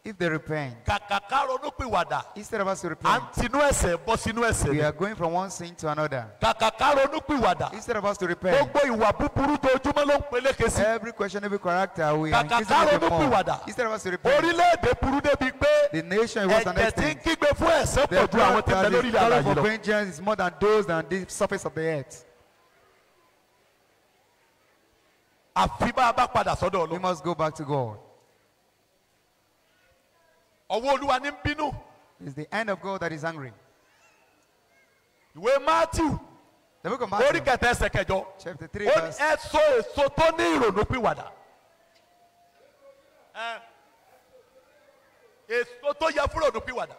if they repent. kàkà ká ronú pìwàdà. instead of us to repent. à ń tinú ẹ̀ṣẹ̀ bọ́ sínú ẹ̀ṣẹ̀. we are going from one sin to another. kàkà ká ronú pìwàdà. instead of us to repent. gbogbo ìwà búburú tójúmọ́ ló ń peléke sí. every questionable character we are increasing the more. kàkà ká ronú pìwàdà. instead of us to repent. orílẹ̀-èdè burú débi pé. the nation was an extent. ẹ̀jẹ̀ tí ń kígbe fún ẹ̀ṣẹ̀ pọ̀ ju àwọn tí ń bẹ lórí ilẹ̀ àlàyé lọ. the power of vengeance is more than those than the surface of the earth. àfi bá a bá padà sọ́dọ̀ Ọlọ́run. we must go back to God ọwọ́ olúwa ní bínú. it's the hand of God that is angry. ìwé matthew the book of matthew orí kẹta ẹsẹ̀ kẹjọ chapter three verse ó ní ẹ èso tó ní ìrònúpìwàdà èso tó yẹ fún ìrònúpìwàdà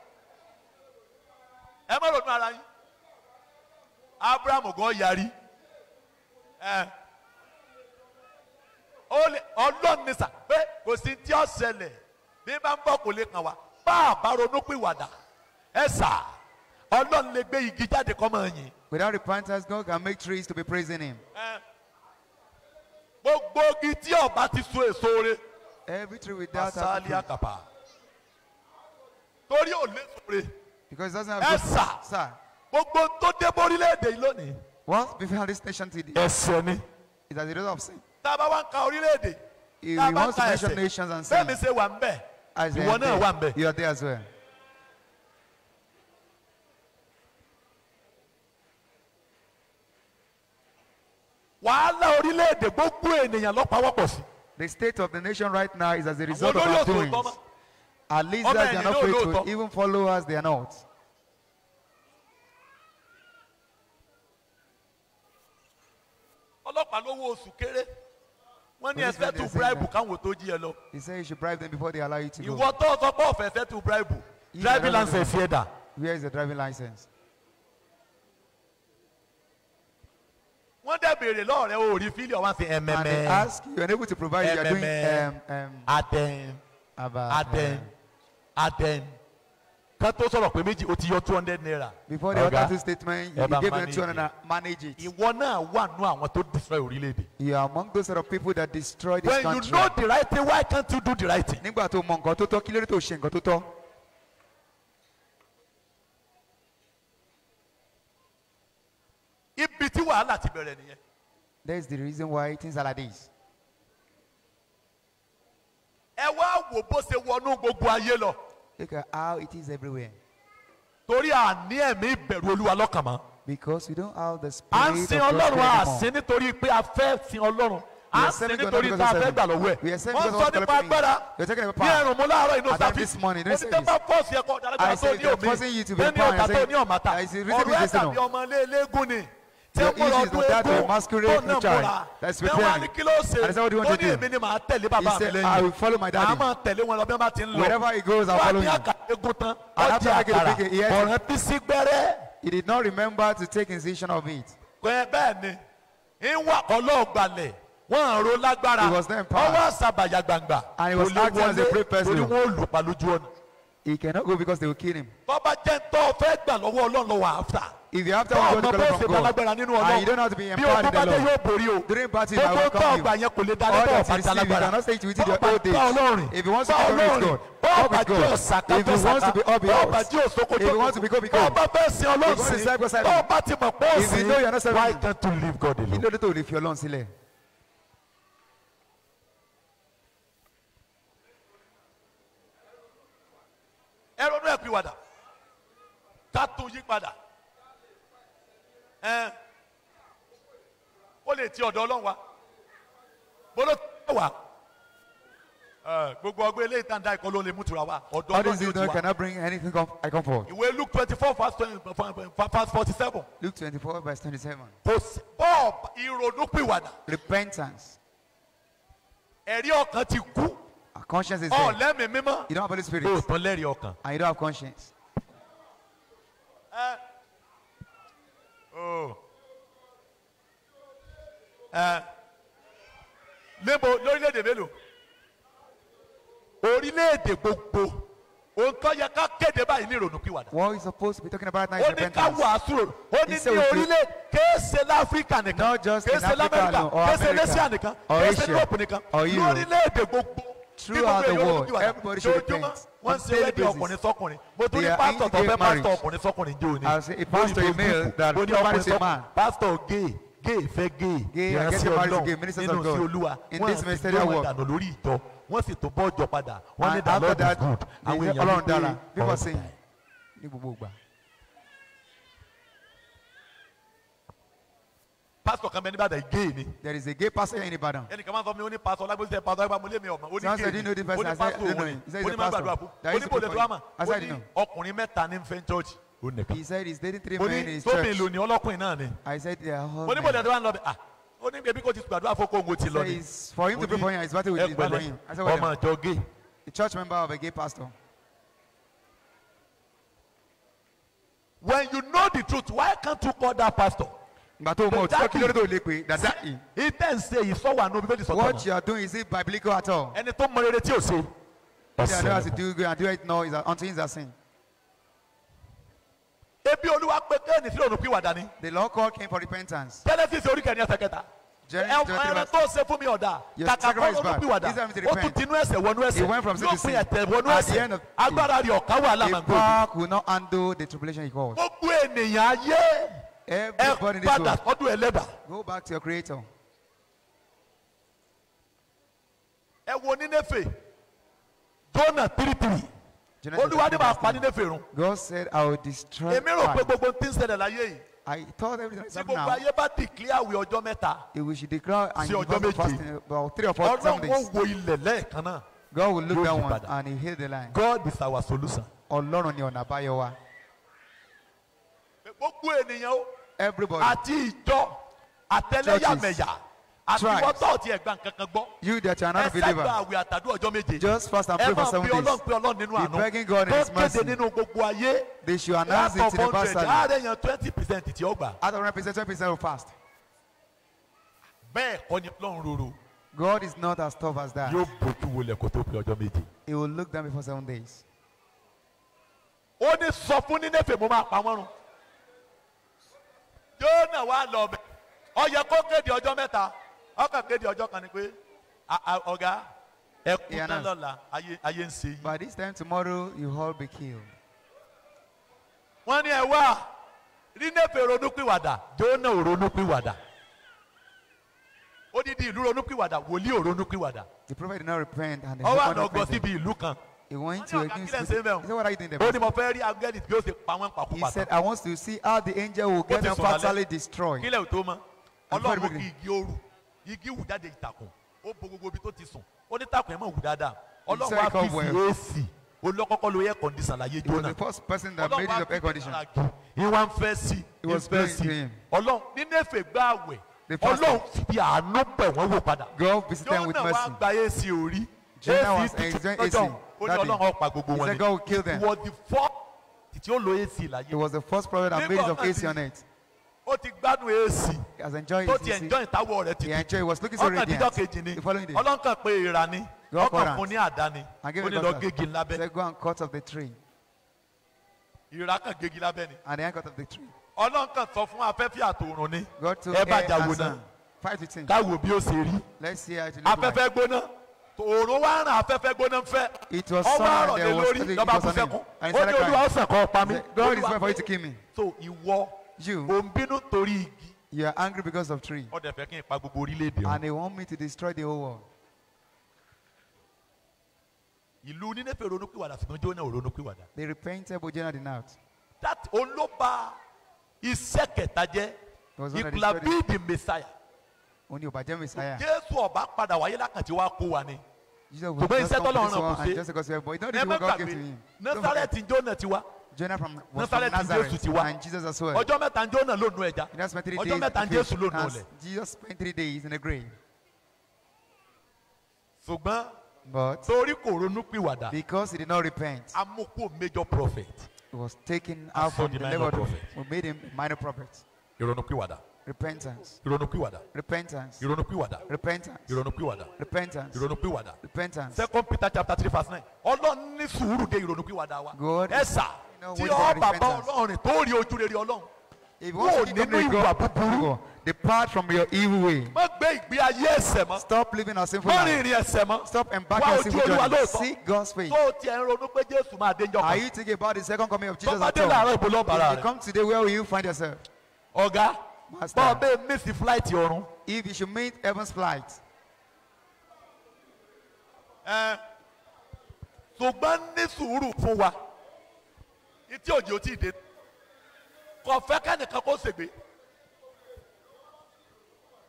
ẹ má ronú ara yín abraham gan yarí ọlọ́ọ̀nì sà pé kò sí tí ó ṣẹlẹ̀ bí bá ń bọ̀ kò lè kàn wá bá àbá ronú pé wàdà ẹ sà ọlọ́run lè gbé igi jáde kọ́ máa yìn. without repentance God can make trees to be praising him. gbogbo igi tí ọba ti so èso re. every tree without her tree. akapa torí ò lè sore. because it doesn't have good ẹ sà gbogbo tó dé borílẹ̀-èdè yìí lónìí. what before this nation today. ẹ̀ṣẹ̀ ni. it has a lot of sin. tá a bá wá ń ka orílẹ̀-èdè. he wants to mention nations and sin. bẹ́ẹ̀ mi ṣe wà ń bẹ̀ ìwọ náà wà mbẹ. you are there as well. wàhálà orílẹ̀-èdè gbogbo ènìyàn ló pawọ́pọ̀ sí. the state of the nation right now is as a result of our doings. at least that they are not faithful even followers they are not. ọlọ́pàá lówó oṣù kéré wọ́n ní ẹ̀fẹ́ tún bribe, káwọn tó jí ẹ lọ. he said you should bribe them before they allow you to go. ìwọ tó sọ pé ọ̀fẹ́ fẹ́ tún bribe. driving license yẹ dà. where is the driving license. wọ́n dẹ̀ béèrè lọ́ọ̀rẹ́ o rí fílíọ̀ wá sí ẹ̀mẹ̀mẹ̀. and they ask you are unable to provide you are doing. ẹ̀mẹ̀mẹ̀ adẹ́n adẹ́n adẹ́n ká tó sọ̀rọ̀ pé méjì o ti yọ two hundred naira. before the other two statements you gave them two hundred naira manage it. ìwọ náà wà nù àwọn tó destroy orílẹ̀-èdè. you are among those sort of people that destroy this when country. when you know the right thing why can't you do the right thing. nígbà tó mọ nǹkan tó tọ́ kí lórí tó ṣe nǹkan tó tọ́. ibi tí wàhálà ti bẹ̀rẹ̀ nìyẹn. that is the reason why things are like this. ẹ wá wò bó ṣe wọnú gbogbo ayé lọ. Look at how it is everywhere. Torí àní ẹ̀mí ìbẹ̀rù Olúwa lọ́kàn mọ́. Because we don't have the spirit of God anymore. À ń sin Ọlọ́run àsìn nítorí pé a fẹ́ sin Ọlọ́run à ń sin nítorí tá a fẹ́ gbà lọ́wọ́ ẹ̀ wọ́n sọ nípa agbára ní ẹ̀rùn mú láàárọ̀ inú sàfíìsì mo ní tẹ́pá fọ́ọ̀sì ẹ̀kọ́ ọ̀dàlẹ́gbà tó ní òmí bẹ́ẹ̀ ni ọ̀tà tó ní ọ̀màtà ọ̀rọ̀ ẹ̀ tàbí ọmọ ilé eléégún ni the issue is that the masquerade preacher that is preparing I said what you want to do he said I will follow my daddy wherever he goes I follow him and after I get the big he did not remember to take incision of it wọ́n ro lágbára ọwọ́ àṣàbàyà gbangba kò lè wọlé torí wọ́n lù pa lójú ọ̀nà. he cannot go because they will kill him. bọ́bá jẹ́ ń tọ́ fẹ́ gbà lọ́wọ́ ọlọ́run lọ́wọ́ àáfà if you have time to go the colour from God and you don't have to be empowered in the Lord during parties I will come you all that you receive you cannot stay with your old age if you want to be rich God up with God if you want to be up with us if you want to be become big God if you want to serve God serve if you know you are not serving you God you know to leave your Lord sílẹ̀. ẹ ronú ẹ pí wàdà ká tún yí padà ẹn eh, ó lè ti ọ̀dọ̀ ọlọ́run wa tó wà eh, gbogbo ọgbẹ́ ilé ìtàn dá ìkọ́ ló lè mú tura wa ọ̀dọ̀ ọlọ́run yóò ti wa. cannot bring anything come, I come forward. ìwé Luke twenty four verse twenty verse forty seven. Luke twenty four verse twenty seven. kò sí bọ́ọ̀ ìrònúpìwàdà. repentance. ẹ̀rí ọkàn ti kú. Our conscience is oh, dead. Oh, lẹ́mìí mímọ́. You don't have Holy Spirit. O tán lẹ́rìí ọkàn. And you don't have conscience. Uh, lébo oh. eh. lórílẹ̀‐èdè mélòó orílẹ̀‐èdè gbogbo òǹtọ́ yẹ ká kéde báyìí ní ìrònú pìwàdà. what is supposed to be talking about now is repentance. ó ní ká wàásù ó ní ní orílẹ̀ kéèsè láfíríkà nìkan kéèsè lamẹ́ríkà kéèsè lẹ́síà nìkan kéèsè lóòpù nìkan lórílẹ̀‐èdè gbogbo throughout the world everybody should repent wọ́n ṣe wẹ́ẹ̀dì ọkùnrin sọkùnrin mo tún ní pásítọ̀ tó fẹ́ pásítọ̀ ọkùnrin sọkùnrin jẹ́ òní. as a pastor a male that nobody is a man. pastor gay gay fẹ́ gay ìrántí ọlọ́run nínú sí olúwa wọ́n sì gbé wọn dànù lórí ìjọ wọ́n sì tún bọ́ọ̀jọ padà wọ́n ní dànù lọ́dún good àwọn èèyàn wípé ọlọ́run dára bí wọ́n ṣe ní gbogbo ìgbà. pastor kan bẹ ní Ìbàdàn gay ni. there is a gay pastor here in Ibadan. ẹnì kan máa sọ mi ó ní pastor ọlágbèsè tẹ pastor ẹgbàá mo lé mi ọmọ ó ní gay ni ó ní pastor òwò ni ó ní má gbàdúrà fún ó ní bòlẹ̀ tó wà mà ó ní ọkùnrin mẹ́ta ní fẹ́ church ó nìkan. he said he is dating three men in his church. mo ní tómi ìlú ni náà ni. I said they are all men. mo ní bòlẹ̀ tó wà lọ bẹ ah ó ní bẹbí kò ti gbàdúrà fún kóńgò ti lọ ni. for him to pray for him is battle with his battle him. ọmọ ìjọ gay. a church member of a gay pastor. when you know the truth why can't you call that pastor ìgbà tó mọ òtítọ́ kí lórí lè pè dada yìí. ìtẹ̀sẹ̀ yìí sọ̀wọ́ àná bíbélì sọ̀tọ̀ mọ́. what you are doing is it biblical at all. ẹni tó mọ rere tí ò ṣe. ọ̀sẹ̀ ní. ṣé àdúrà do and do it now until it's a sin. ebi olúwa pé kéènì sí òrùn pìwàdà ni. the law called came for repentance. genesis orí kẹrin ẹsẹ̀ kẹta. ẹran tó ṣe fún mi ọ̀dà kàkà kọ́ ló pìwàdà ó tún tinú ẹsẹ̀ wọnú ẹsẹ̀ yóò pin ẹ̀tẹ̀ wọnú ẹsẹ̀ agbára rẹ̀ ọ̀ká wà lámàgbé. the power could not handle the tribulation he caused everybody ẹ padà ọdún ẹlẹ́dà. go back to your creator. ẹ wo nínéfè Jonah three three olúwadé máa pa nínéfè run. God said I will destroy. èmi rò pé gbogbo tí ń ṣẹlẹ̀ láyé yìí. I thought everything was happening now. tí gbogbo ayé bá declare àwẹ̀ ọjọ́ mẹ́ta. if we should declare and give us a fasting about three or four Sundays. ọlọ́run wo ilẹ̀ lẹ́ẹ̀kan náà. God will look at one and he hear the line. God is our solution. ọlọ́run ni ọ̀nà àbáyọ wa gbogbo ènìyàn o everybody àti ìjọ àtẹlẹyàmẹyà àtiwọ́tọ̀ ti ẹ̀gbà kankan gbọ́. you that are not a believer. ẹ ṣàgbà àwẹ̀ àtàdúrà ọjọ́ méje. just fast and pray for seven days. ẹ máa pe ọlọ́run pe ọlọ́run nínú àánú. be begging God in his mercy. tó kéde nínú gbogbo ayé. they should announce it to the pastor. láàárẹ̀ yan twenty percent tí ó out of one percent twenty percent will fast. bẹ́ẹ̀ kọ́ ni ọlọ́run roro. God is not as tough as that. yóò bójú wọlé kó tó pé ọjọ́ méje. he will look down before seven days. ó ní sọ fún Nínéfè mo máa pa wọ́n run. Jónà wá lọ bẹ̀ ó yẹ kó kéde ọjọ́ mẹ́ta ó kàn kéde ọjọ́ kan ni pé ọ̀gá ẹ kú tán lọ́la ayé ń ṣe yìí. By this time tomorrow you all be killed. wọ́n ní ẹ wá rínẹ́fẹ̀ ronúpìwàdà Jónà ò ronúpìwàdà odidi ìlú ronúpìwàdà wòlíì ò ronúpìwàdà. The prophet did not repent and the oh, no, no, no, no, no, no, no, no, He went to against. He said, What are you doing there? He said, I want to see how the angel will get them fatally destroyed. Ọlọ́run kì í gé oru, igi wù jáde ìtàkùn, ó bo gbogbo ibi tó ti sùn, ó ní tàkùn ẹ̀ mọ̀ wù dáadáa. Ọlọ́run wá fi sí èsì, olókọ́kọ́ lo air condition láyé Jonah. He was the first person that made use of air condition. Ìwà gbá àwẹ̀, Ọlọ́run fi àánú pẹ̀ wọ́n wò padà. God visited mercy. wá gba èsì orí. Jonah was enjoying èsì ó ní ọlọ́run ọ̀pá gbogbo wọn ni he said God will kill them. he was the first tí ó lo AC láyé. he was the first prophet that made use of AC on it. ó ti gbádùn AC. he has enjoyed his AC. tó ti enjoy ìtawọ̀ rẹ̀ títí. he enjoyed he was looking so radiant. ọkàn dídọ́ kejì ni ọlọ́run kan pé ìra ni ọkàn fún ní àdáni ó ní lọ gégi lábẹ́. he said go and cut off the tree. ìra kan gégi lábẹ́ ni. and the hand cut off the tree. ọlọ́run kan sọ fún afẹ́fẹ́ àtòrùn ni. God to air and sun fight with him. káwo bí ó ṣe rí. let's see it look like. afẹ́fẹ́ gbóná òòrùn wá ràn afẹ́fẹ́ gbóná fẹ́ ọwọ́ àrọ̀ lé lórí lọ́ba kú sẹ́kún ó ní olúwa ọ̀sán kan pa mí olúwa so ìwọ ò ń bínú torí igi. you are angry because of tree. ọ̀dẹ̀ fẹ́ kí n pa gbogbo orílẹ̀-èdè wọn. and they want me to destroy the whole world. ìlú nínéfẹ̀ ronúpìwàdà ṣùgbọ́n Jónà ò ronúpìwàdà. they repented but Jonah did not. that olóba iṣẹ́ kẹta jẹ́ he could have the messiah òun ni ò bá jẹ́ mẹ́sáyà. jésù ọba padà wáyé lákàtí wa kó wa ni. kò bẹ́ẹ̀ iṣẹ́ tọ́lọ̀ ọ̀ràn kò ṣe ẹ má gbàgbé nasareti jọ́nà ti wá. Jonah from was from Nazareth Jesu and Jesus as well. ọjọ́ mẹ́ta jọ́nà ló nu ẹja ọjọ́ mẹ́ta jésù ló nu ọlẹ̀. Jesus spent three days in the grave. ṣùgbọ́n torí kò ronú pìwàdà. because he did not repent. amoko major prophet. he was taken out from the level of we made him minor prophet. ìrònú pìwàdà. Repentance. Ìrònúpìwàdà. Repentance. Ìrònúpìwàdà. Repentance. Ìrònúpìwàdà. Repentance. Ìrònúpìwàdà. Repentance. Second Peter chapter three verse nine. Ọlọ́run ní sùúrù de ìrònúpìwàdà wa. God. Ẹ sà tí ọ bàbá Ọlọ́run tó rí ojú rere Ọlọ́run. If you want to see the God God, depart from your evil way. Má gbé ìgbé ayé ẹ̀ṣẹ̀ mọ́. Stop living a sinful life. Má rìn ìrìn mọ́. Stop embarking on sinful journey. Seek God's face. Tó o tiẹ̀ ń ronú pé Jésù máa dé njọ́ Are you thinking about the second coming of Jesus at all? Bọ́mọdé làárọ̀ ìbò lọ́bàrà rẹ̀. If you come today, where will you find yourself? Ọ̀gá bọ́ ọ bẹ́ẹ̀ mísì flight ọ̀run. if you should meet heaven's flight. ẹ eh, ṣùgbọ́n ní sùúrù fún wa etí òjì ò tí ì dé kò fẹ́ kẹ́nìkan kó ṣègbè.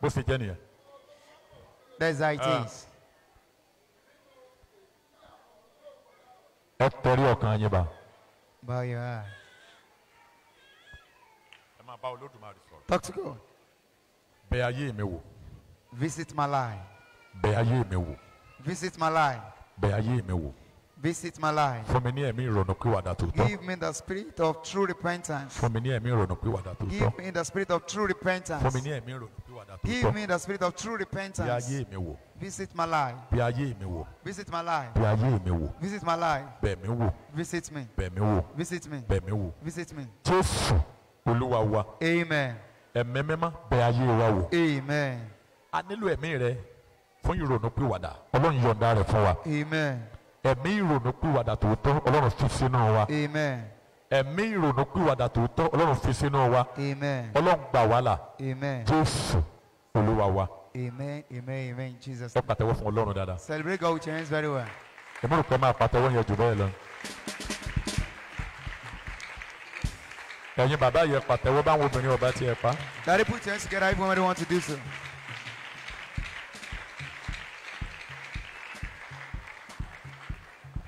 bó ṣe jẹ́ nìyẹn. that's how it uh. is. ẹ tẹrí ọkàn yín bá. báyọ̀ á. ẹ máa bá Olódùmarè. Talk to God. Bẹ̀ ayé mi wò. Visit my life. Bẹ̀ ayé mi wò. Visit my life. Bẹ̀ ayé mi wò. Visit my life. Give me the spirit of true repentance. Give me the spirit of true repentance. Give me the spirit of true repentance. Bẹ̀ ayé mi wò. Visit my life. Bẹ̀ ayé mi wò. Visit my life. Bẹ̀ ayé mi wò. Visit my life. Bẹ̀ me wò. Visit me. Bẹ̀ mí wò. Visit me. Bẹ̀ mí wò. Visit me. Jésù Olúwa Amen. ẹ̀mí mímọ́ bẹ ayé wa wò. amen. a nílò ẹ̀mí rẹ fún ìrònú pìwàdà ọlọ́run yọ̀ǹda rẹ̀ fún wa. amen. ẹ̀mí ìrònú pìwàdà tòótọ́ ọlọ́run fi sínú wa. amen. ẹ̀mí ìrònú pìwàdà tòótọ́ ọlọ́run fi sínú wa. amen. ọlọ́run gbà wá là. amen. jésù olúwa wa. amen amen amen jesus. ẹ pàtẹ́wọ́ fún ọlọ́run dáadáa. celebrate God with your hands very well. ìmúlùkọ́ máa pàtẹ́wọ́ yẹn jù bẹ́ẹ̀ lọ. ẹ̀yin bàbá yẹ pàtẹ́wọ́ báwọn obìnrin ọba tiẹ̀ pa. Daddy put your hands together if anybody want to do so.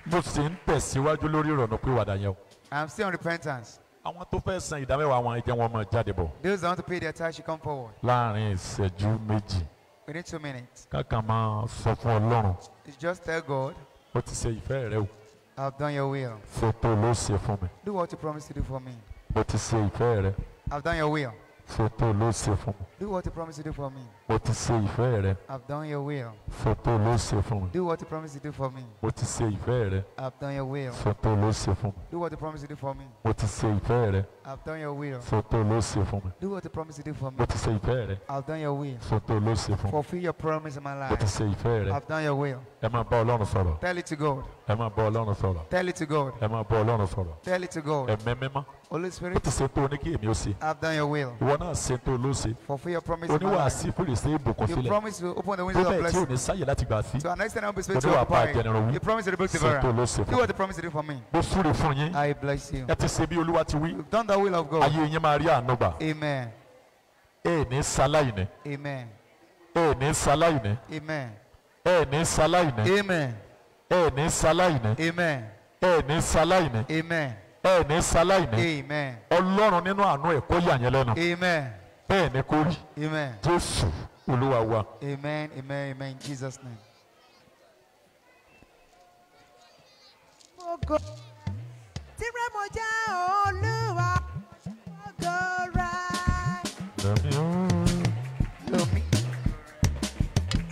mo sì ń tẹ̀síwájú lórí ìrònú pìwàdà yẹn o. I'm still on repentance. Àwọn tó fẹ́ san ìdámẹ́wàá wọn jẹ́ wọn jáde bọ̀. Those that want to pay their tax, should come forward. Láàárín ìṣẹ́jú méjì. Within two minutes. Kákan máa sọ fún Ọlọ́run. Just tell God. Ó ti ṣe ìfẹ́ rẹ o. I've done your will. Fòtò ló ṣe fún mi. Do what you promised to do for me. Mo ti ṣe rẹ. I've done your will. So tó ló ṣe fún Do what you promised to do for me. Mo ti ṣe rẹ. I've done your will. So tó ló ṣe fún Do what you promised to do for me. Mo ti ṣe rẹ. I've done your will. So tó ló ṣe fún Do what you promised to do for me. Mo ti se rẹ. I've done your will. Ṣe tó ló ṣe fún Do what you promised to do for me. Mo ti se rẹ. I've done your will. So tó ló ṣe fún Fulfill your promise in my life. Mo ti se rẹ. I've done your will. ẹ máa bá ọlọ́run sọ̀rọ̀. tell it to God. ẹ máa bá ọlọ́run sọ̀rọ̀. tell it to God. ẹ máa bá ọlọ́run sọ̀rọ̀. tell it to God. ẹ̀mẹ́ mímọ́. Holy Spirit. ó ti ṣe tó o ní kí èmi ó ṣe. I've done your will. ìwọ náà ṣe tó o ló ṣe. fulfill your promise. oníwà sí fèrèsé ìbùkún sílẹ̀. you promise to open the windows of blessing. tó bẹ́ẹ̀ tí o ní sáyè láti gbà sí. to an extent I will be speaking to you. oníwà pa àjẹnirun wí. you promise to rebuild the barrier. ṣe tó o ló ṣe fún mi. do what you promise do for me. mo súre fún yín. I bless you. ẹ ti ṣe bí olúwa ti wí. you've done the will of God. ayé yín máa rí àánú gbà. amen. ẹ ní sáláì amen. ẹ ní sáláì amen ẹ ní ṣaláìní. amen. ẹ ní ṣaláìní. amen. ẹ ní ṣaláìní. amen. ẹ ní ṣaláìní. amen. ọlọ́run nínú àánú ẹ̀ kó yà yẹn lẹ́nu. amen. bẹ́ẹ̀ ni kó rí. amen. jésù olúwa wa. amen amen amen in jesus name. ògo tìrẹ mo jẹ́ olúwa ògo rẹ.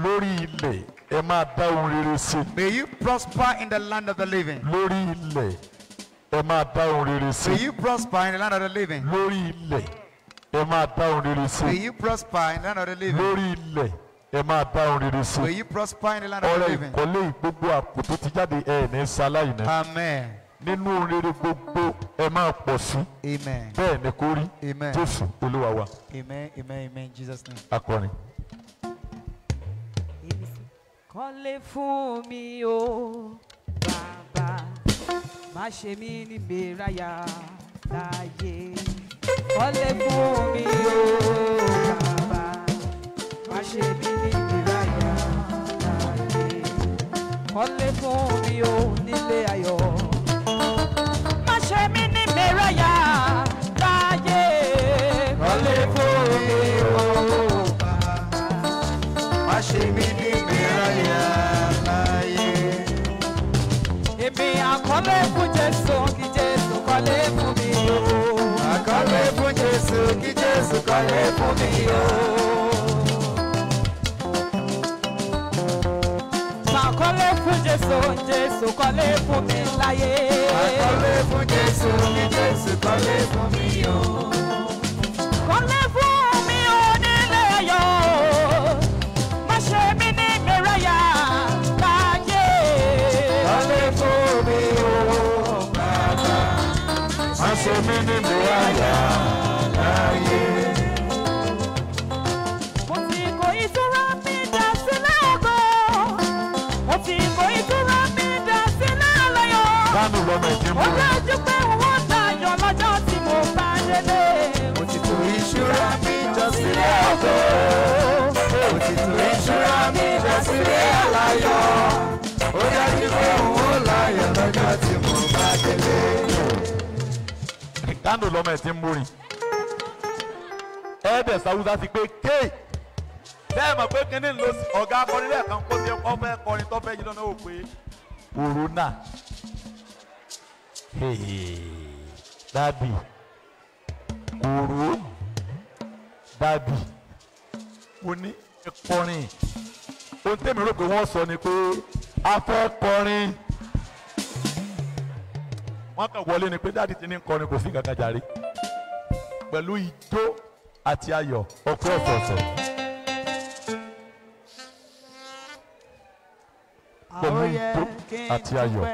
lórí ilẹ̀ ẹ máa dá ohun rere sí. may you prosper in the land of the living. lórí ilẹ̀ ẹ máa dá ohun rere sí. may you prosper in the land of the living. lórí ilẹ̀ ẹ máa dá ohun rere sí. may you prosper in the land of the living. lórí ilẹ̀ ẹ máa dá ohun rere sí. may you prosper in the land of the living. ọ̀rẹ́ ìkọ́lé gbogbo àpò tó ti jáde ẹ̀ ní sáláì amen. nínú ohun rere gbogbo ẹ máa pọ̀ sí. amen. bẹ́ẹ̀ ni kó rí. amen. jésù olúwa wa. amen amen amen jesus name. akọrin kọ́lé fún mi o bàbá má ṣe mí ní gbéráyà láyé kọ́lé fún mi o bàbá má ṣe mí ní gbéráyà láyé kọ́lé fún mi o nílé ayọ̀ má ṣe mí ní gbéráyà láyé kọ́lé fún mi o bàbá má ṣe mí ní. sùkàlẹ̀ fún mi o. Jesu, Jesu Jésù, Jésù mi láyé. Sàkọ́lé fún Jesu ní Jésù kọ́lé fún mi o. Kọ́lé fún mi o nílé ayọ̀, má ṣe mí ní mẹ́rẹ̀yà láyé. Kọ́lé fún mi o bàbá, má ṣe mí ní mẹ́rẹ̀yà. ògo òtítù ìṣúra mi lọ sílé àlàyọ ó dájú pé òun ó láyọ̀ lọ́jọ́ tí mo bá délé. dánù lọmọ ẹ ti ń múrin ẹ̀ẹ́dẹ̀ sáwúsá ti pé kéè bẹ́ẹ̀ mọ̀ pé kínní ló ọ̀gá akọrin lẹ́ẹ̀kan kó ti kọ́ fẹ́ kọrin tó fẹ́ yí lọ́nà ò pé corona dàbí kòró dàbí mo ní ẹ kọrin ohun tẹ́mi rò pé wọ́n sọ ni pé a fẹ́ kọrin wọ́n kàn wọlé ni pé dáàdi ti ní kọrin kò sí kankan pẹ̀lú ijó àti ayọ̀ ọ̀pẹ́ ọ̀sọ̀ọ̀sẹ̀. pẹ̀lú ijó àti ayọ̀.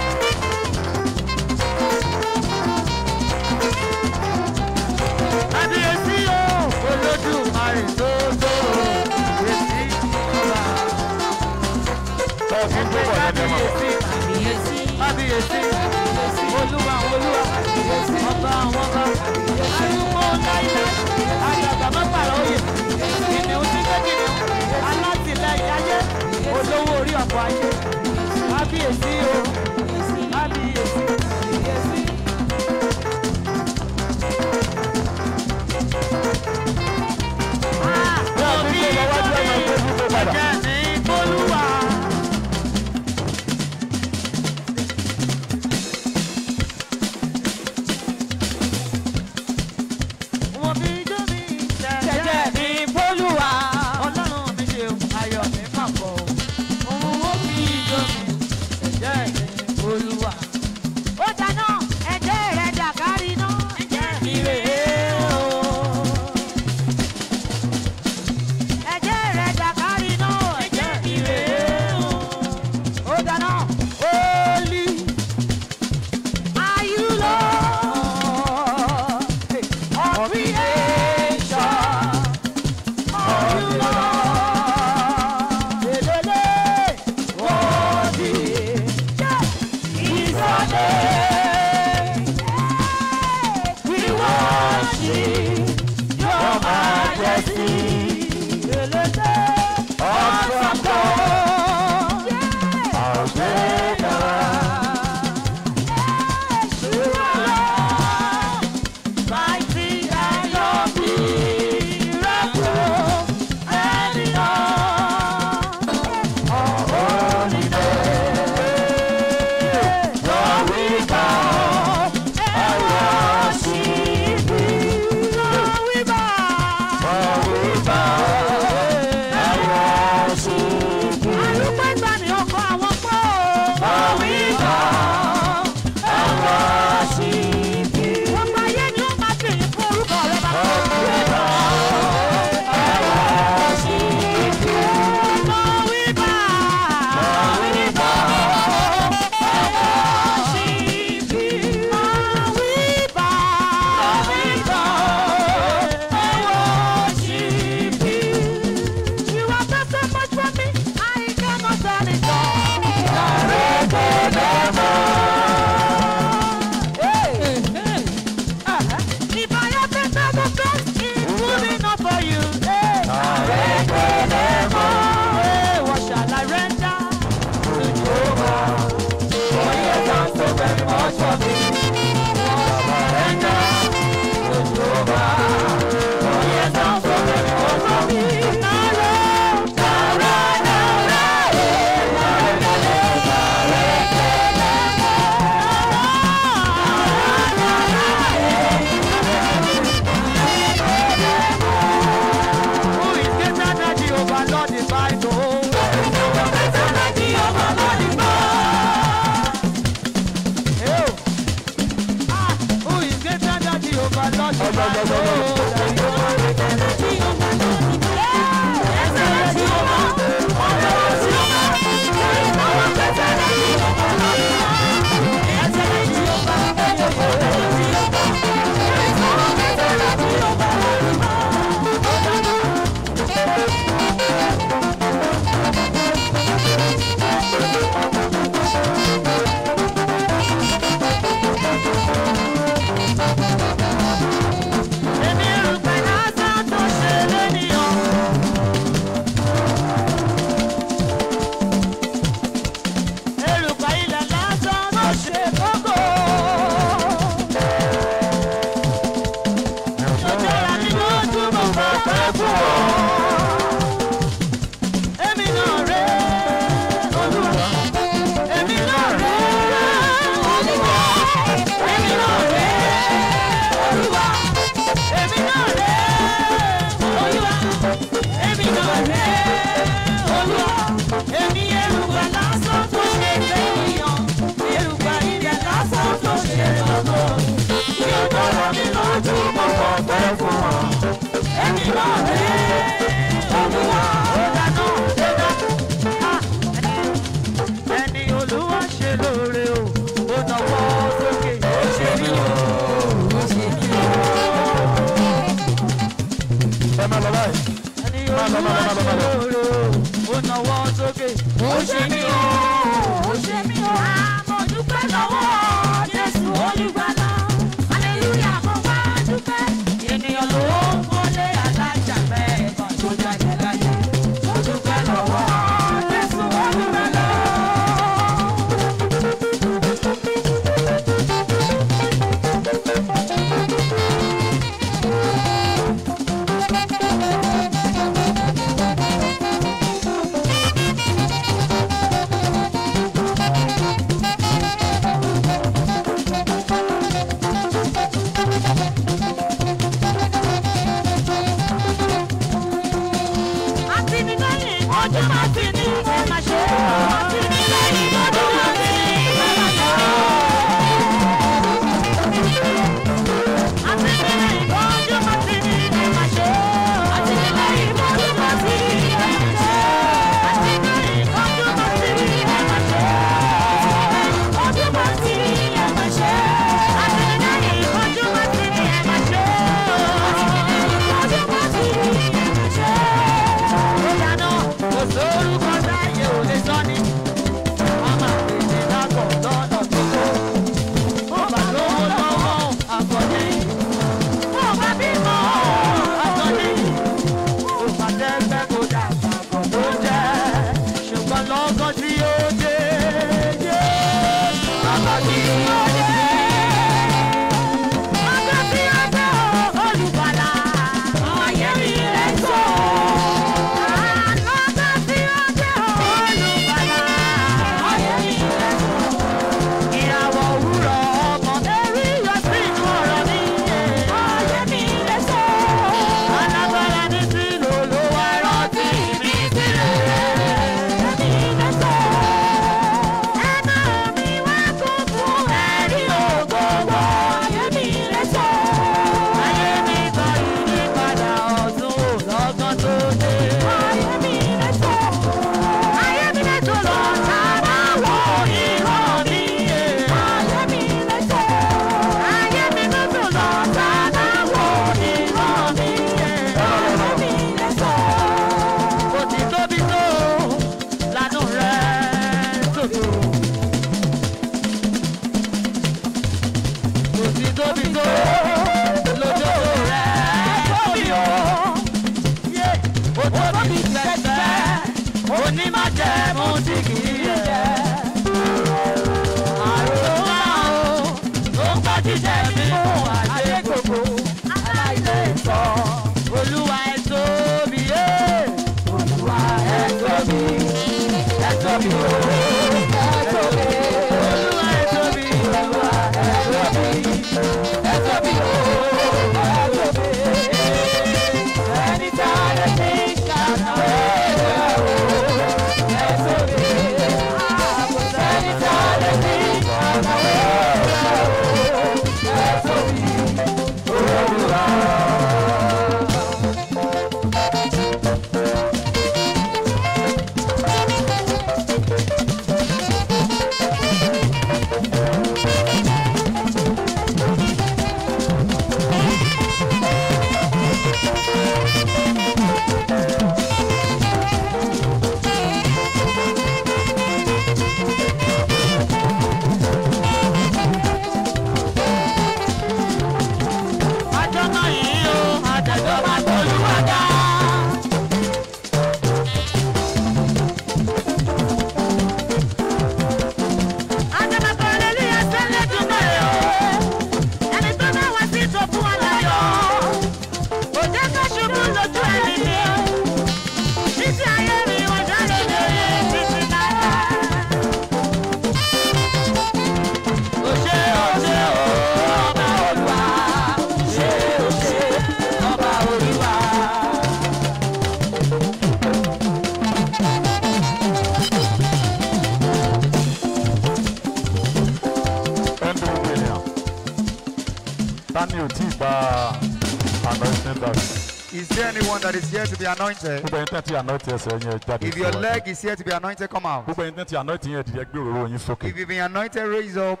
anointed. gbogbo ẹni tẹ́ anointed ẹsẹ̀ yẹn jáde. if your leg is here to be anointed come out. gbogbo ẹni tẹ́ anointed yẹn dìde gbé òróró yín sókè. if you been anointed raise up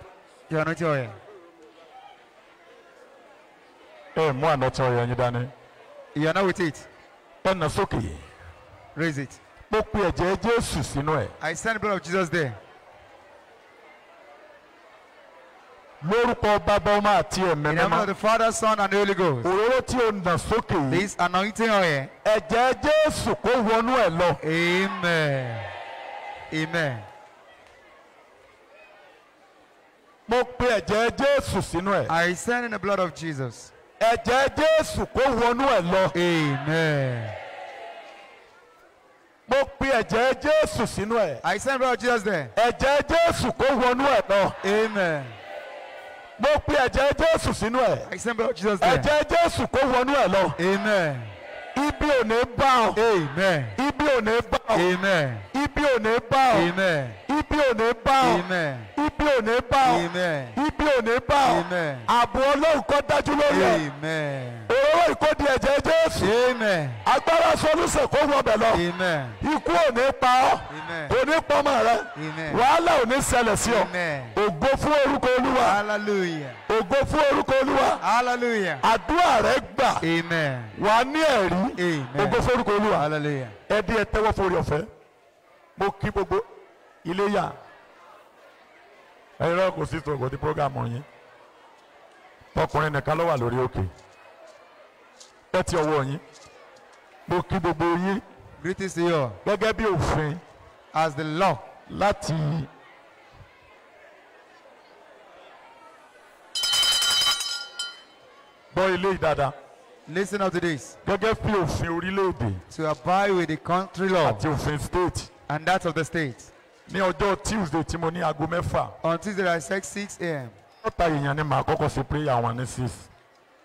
your anointed oil. ẹ mú anointed oil yín dání. you are not with it. ẹ nà sókè. raise it. mo pe ẹ̀jẹ̀ Jésù sínú ẹ̀. I send the blood of Jesus there. orúkọ bàbá ọmọ àti ẹ̀mí mímọ́. in the name of the father son and holy ghost. òróró tí o nà sókè. this anointing oil. ẹ̀jẹ̀ jésù kó wọnú ẹ̀ lọ. amen amen. mo pe ẹ̀jẹ̀ jésù sínú ẹ̀. I send in the blood of Jesus. ẹ̀jẹ̀ jésù kó wọnú ẹ̀ lọ. amen. mo pe ẹ̀jẹ̀ jésù sínú ẹ̀. I send blood of Jesus there. ẹ̀jẹ̀ jésù kó wọnú ẹ̀ lọ. amen mo pe ẹ̀jẹ̀ Jésù sínú ẹ̀ ẹ̀jẹ̀ Jésù kó wọnú ẹ̀ lọ. amen. Ibi ò ní bá ọ. Amen. Ibi ò ní bá ọ. Amen. Ibi ò ní bá ọ. Amen. Ibi ò ní bá ọ. Amen. Ibi ò ní bá ọ. Amen. Ibi ò ní bá ọ. Amen. Ààbò Ọlọ́run kó dájú lórí ẹ. Amen. Òróró ìkódi ẹ̀jẹ̀ Jésù. Amen. Agbára solúsẹ̀ kó wọ ọbẹ̀ lọ. Amen. Ikú ò ní pa ọ́. Amen. Kò ní pọ́nmọ rẹ. Amen. Wàhálà ò ní ṣẹlẹ̀ sí ọ. Amen. Ògo fún orúkọ Olúwa. Hallelujah. Ògo fún orúkọ Olúwa. Hallelujah. Àdúrà rẹ gbà. Amen. Wà á ní ẹ̀rí wí gbogbo forúkọ olúwa ẹ dí ẹ tẹ́wọ́ forí ọ̀fẹ́ mo kí gbogbo iléyà ẹ̀rọ kò sí tòkò tí programu yín ọkùnrin nìkan ló wà lórí òkè ẹ ti ọwọ́ yín mo kí gbogbo yín greetings to you gẹ́gẹ́ bí òfin as the law láti. gbọ́ ilé yìí dáadáa listen up to this. gẹ́gẹ́ bí òfin orílẹ̀-èdè. to abide with the country law. àti òfin state. and that of the state. ní ọjọ́ tuesday tí mo ní aago mẹ́fà. on tuesday i six six a.m. ọ̀tá èèyàn ni màá kọ́kọ́ ṣe prayer wọn ní six.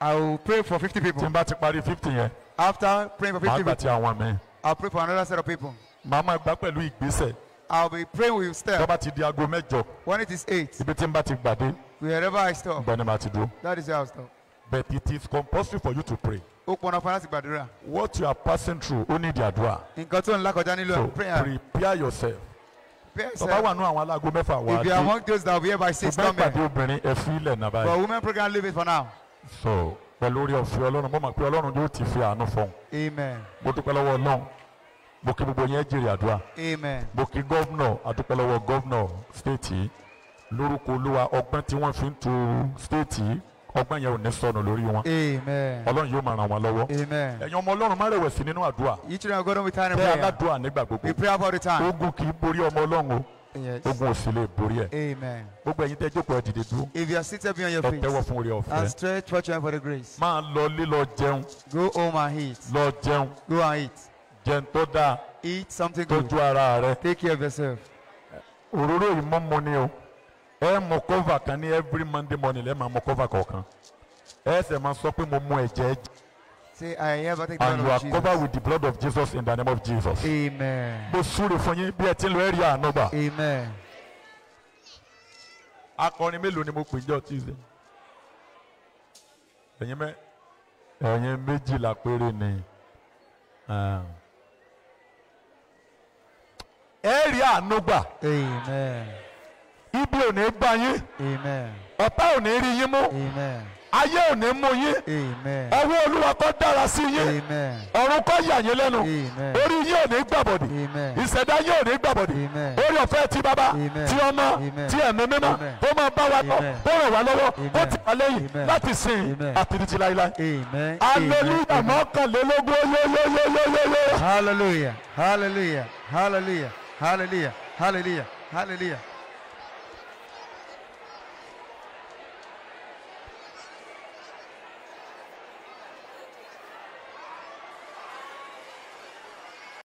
i will pray for fifty people. tí n bá ti parí fifty yẹn. after praying for fifty people. màá gbà ti àwọn mi. i will pray for another set of people. màá máa gbá pẹ̀lú ìgbésẹ̀. I will be praying with you step. Tọ́ba ti di aago mẹ́jọ. When it is eight. Ibi tí n bá ti gbàdé. Wherever I stop. Gbani ma ti dúró. That is where I stop but it is compulsory for you to pray. ó pọn dandan láti gbàdúrà. what you are passing through only ní ìdí nǹkan tó ń là kọjá nílò prayer. so prepare yourself. Yes, wà nù àwọn alágo mẹ́fà wà dé. if you are among those that will be here by six come here. ìpàdé obìnrin ẹ fi ilẹ̀ náà báyìí. but women program leave it for now. so pẹ̀lú orí ọ̀fẹ́ ọlọ́run mo mọ̀ pé ọlọ́run yóò ti fi àánú fún amen. mo dúpẹ́ lọ́wọ́ ọlọ́run mo kí gbogbo yẹn jèrè àdúrà. amen. mo kí gọ́vnọ̀ adúpẹ́ lọ́wọ́ gọ́vnọ̀ stéètì lórúkọ olúwa ọgbọ́n tí wọ́n fi ń tò stéètì ọgbọ́n yẹn ò ní sọnù lórí wọn. ọlọ́run yóò máa ràn wọn lọ́wọ́. ẹ̀yin ọmọ ọlọ́run má rẹ̀wẹ̀sì nínú àdúrà. bẹ́ẹ̀ aládùúrà nígbà gbogbo ogun kì í borí ọmọ ọlọ́run o ogun ò sì lè borí ẹ. gbogbo ẹ̀yin tẹ́ jókòó ẹ dìde dúró. if you are seated be on your feet. ẹ tẹ́wọ́ fún orí ọ̀fẹ́. and stretch forth your for the grace. máa lọ lé lọ jẹun. go home and eat. lọ jẹun. go and eat. jẹun tó dáa. eat something good. tọ́jú ara rẹ. take care of yourself. òróró ìmọ̀mọ́ ni o ẹ mọ cover kan ní every monday morning lẹ́ẹ̀ máa mọ cover kọ̀ọ̀kan ẹ ṣẹ̀ máa sọ pé mo mú ẹ̀jẹ̀ ẹ̀jẹ̀. Say, I am take the and blood of And you are covered with the blood of Jesus in the name of Jesus. Amen. Mo súre fún yín bí ẹ ti ń lọ ẹ̀rí ànábà. Amen. Akọrin mélòó ni mo pè jọ Tuesday? Ẹ̀yin mẹ́ ẹ̀yin méjìlá péré ni. Ẹ̀rí ah. ànábà. Amen ibi ò ní bá yín ọ̀tá ò ní rí yín mú ayé ò ní mú yín ọwọ́ olúwa kó dára sí yín ọ̀run kó yà yín lẹ́nu orí yín ò ní gbàbọ̀dì ìṣẹ̀dá yín ò ní gbàbọ̀dì orí ọ̀fẹ́ ti bàbá ti ọmọ ti ẹ̀mí mímọ́ tó máa bá wa tọ́ tó ràn wá lọ́wọ́ tó ti wà lẹ́yìn láti sìn àti títí láíláí. aleluya mọ́kànlélógún yóyóyóyóyóyó. hallelujah hallelujah hallelujah hallelujah hallelujah hallelujah.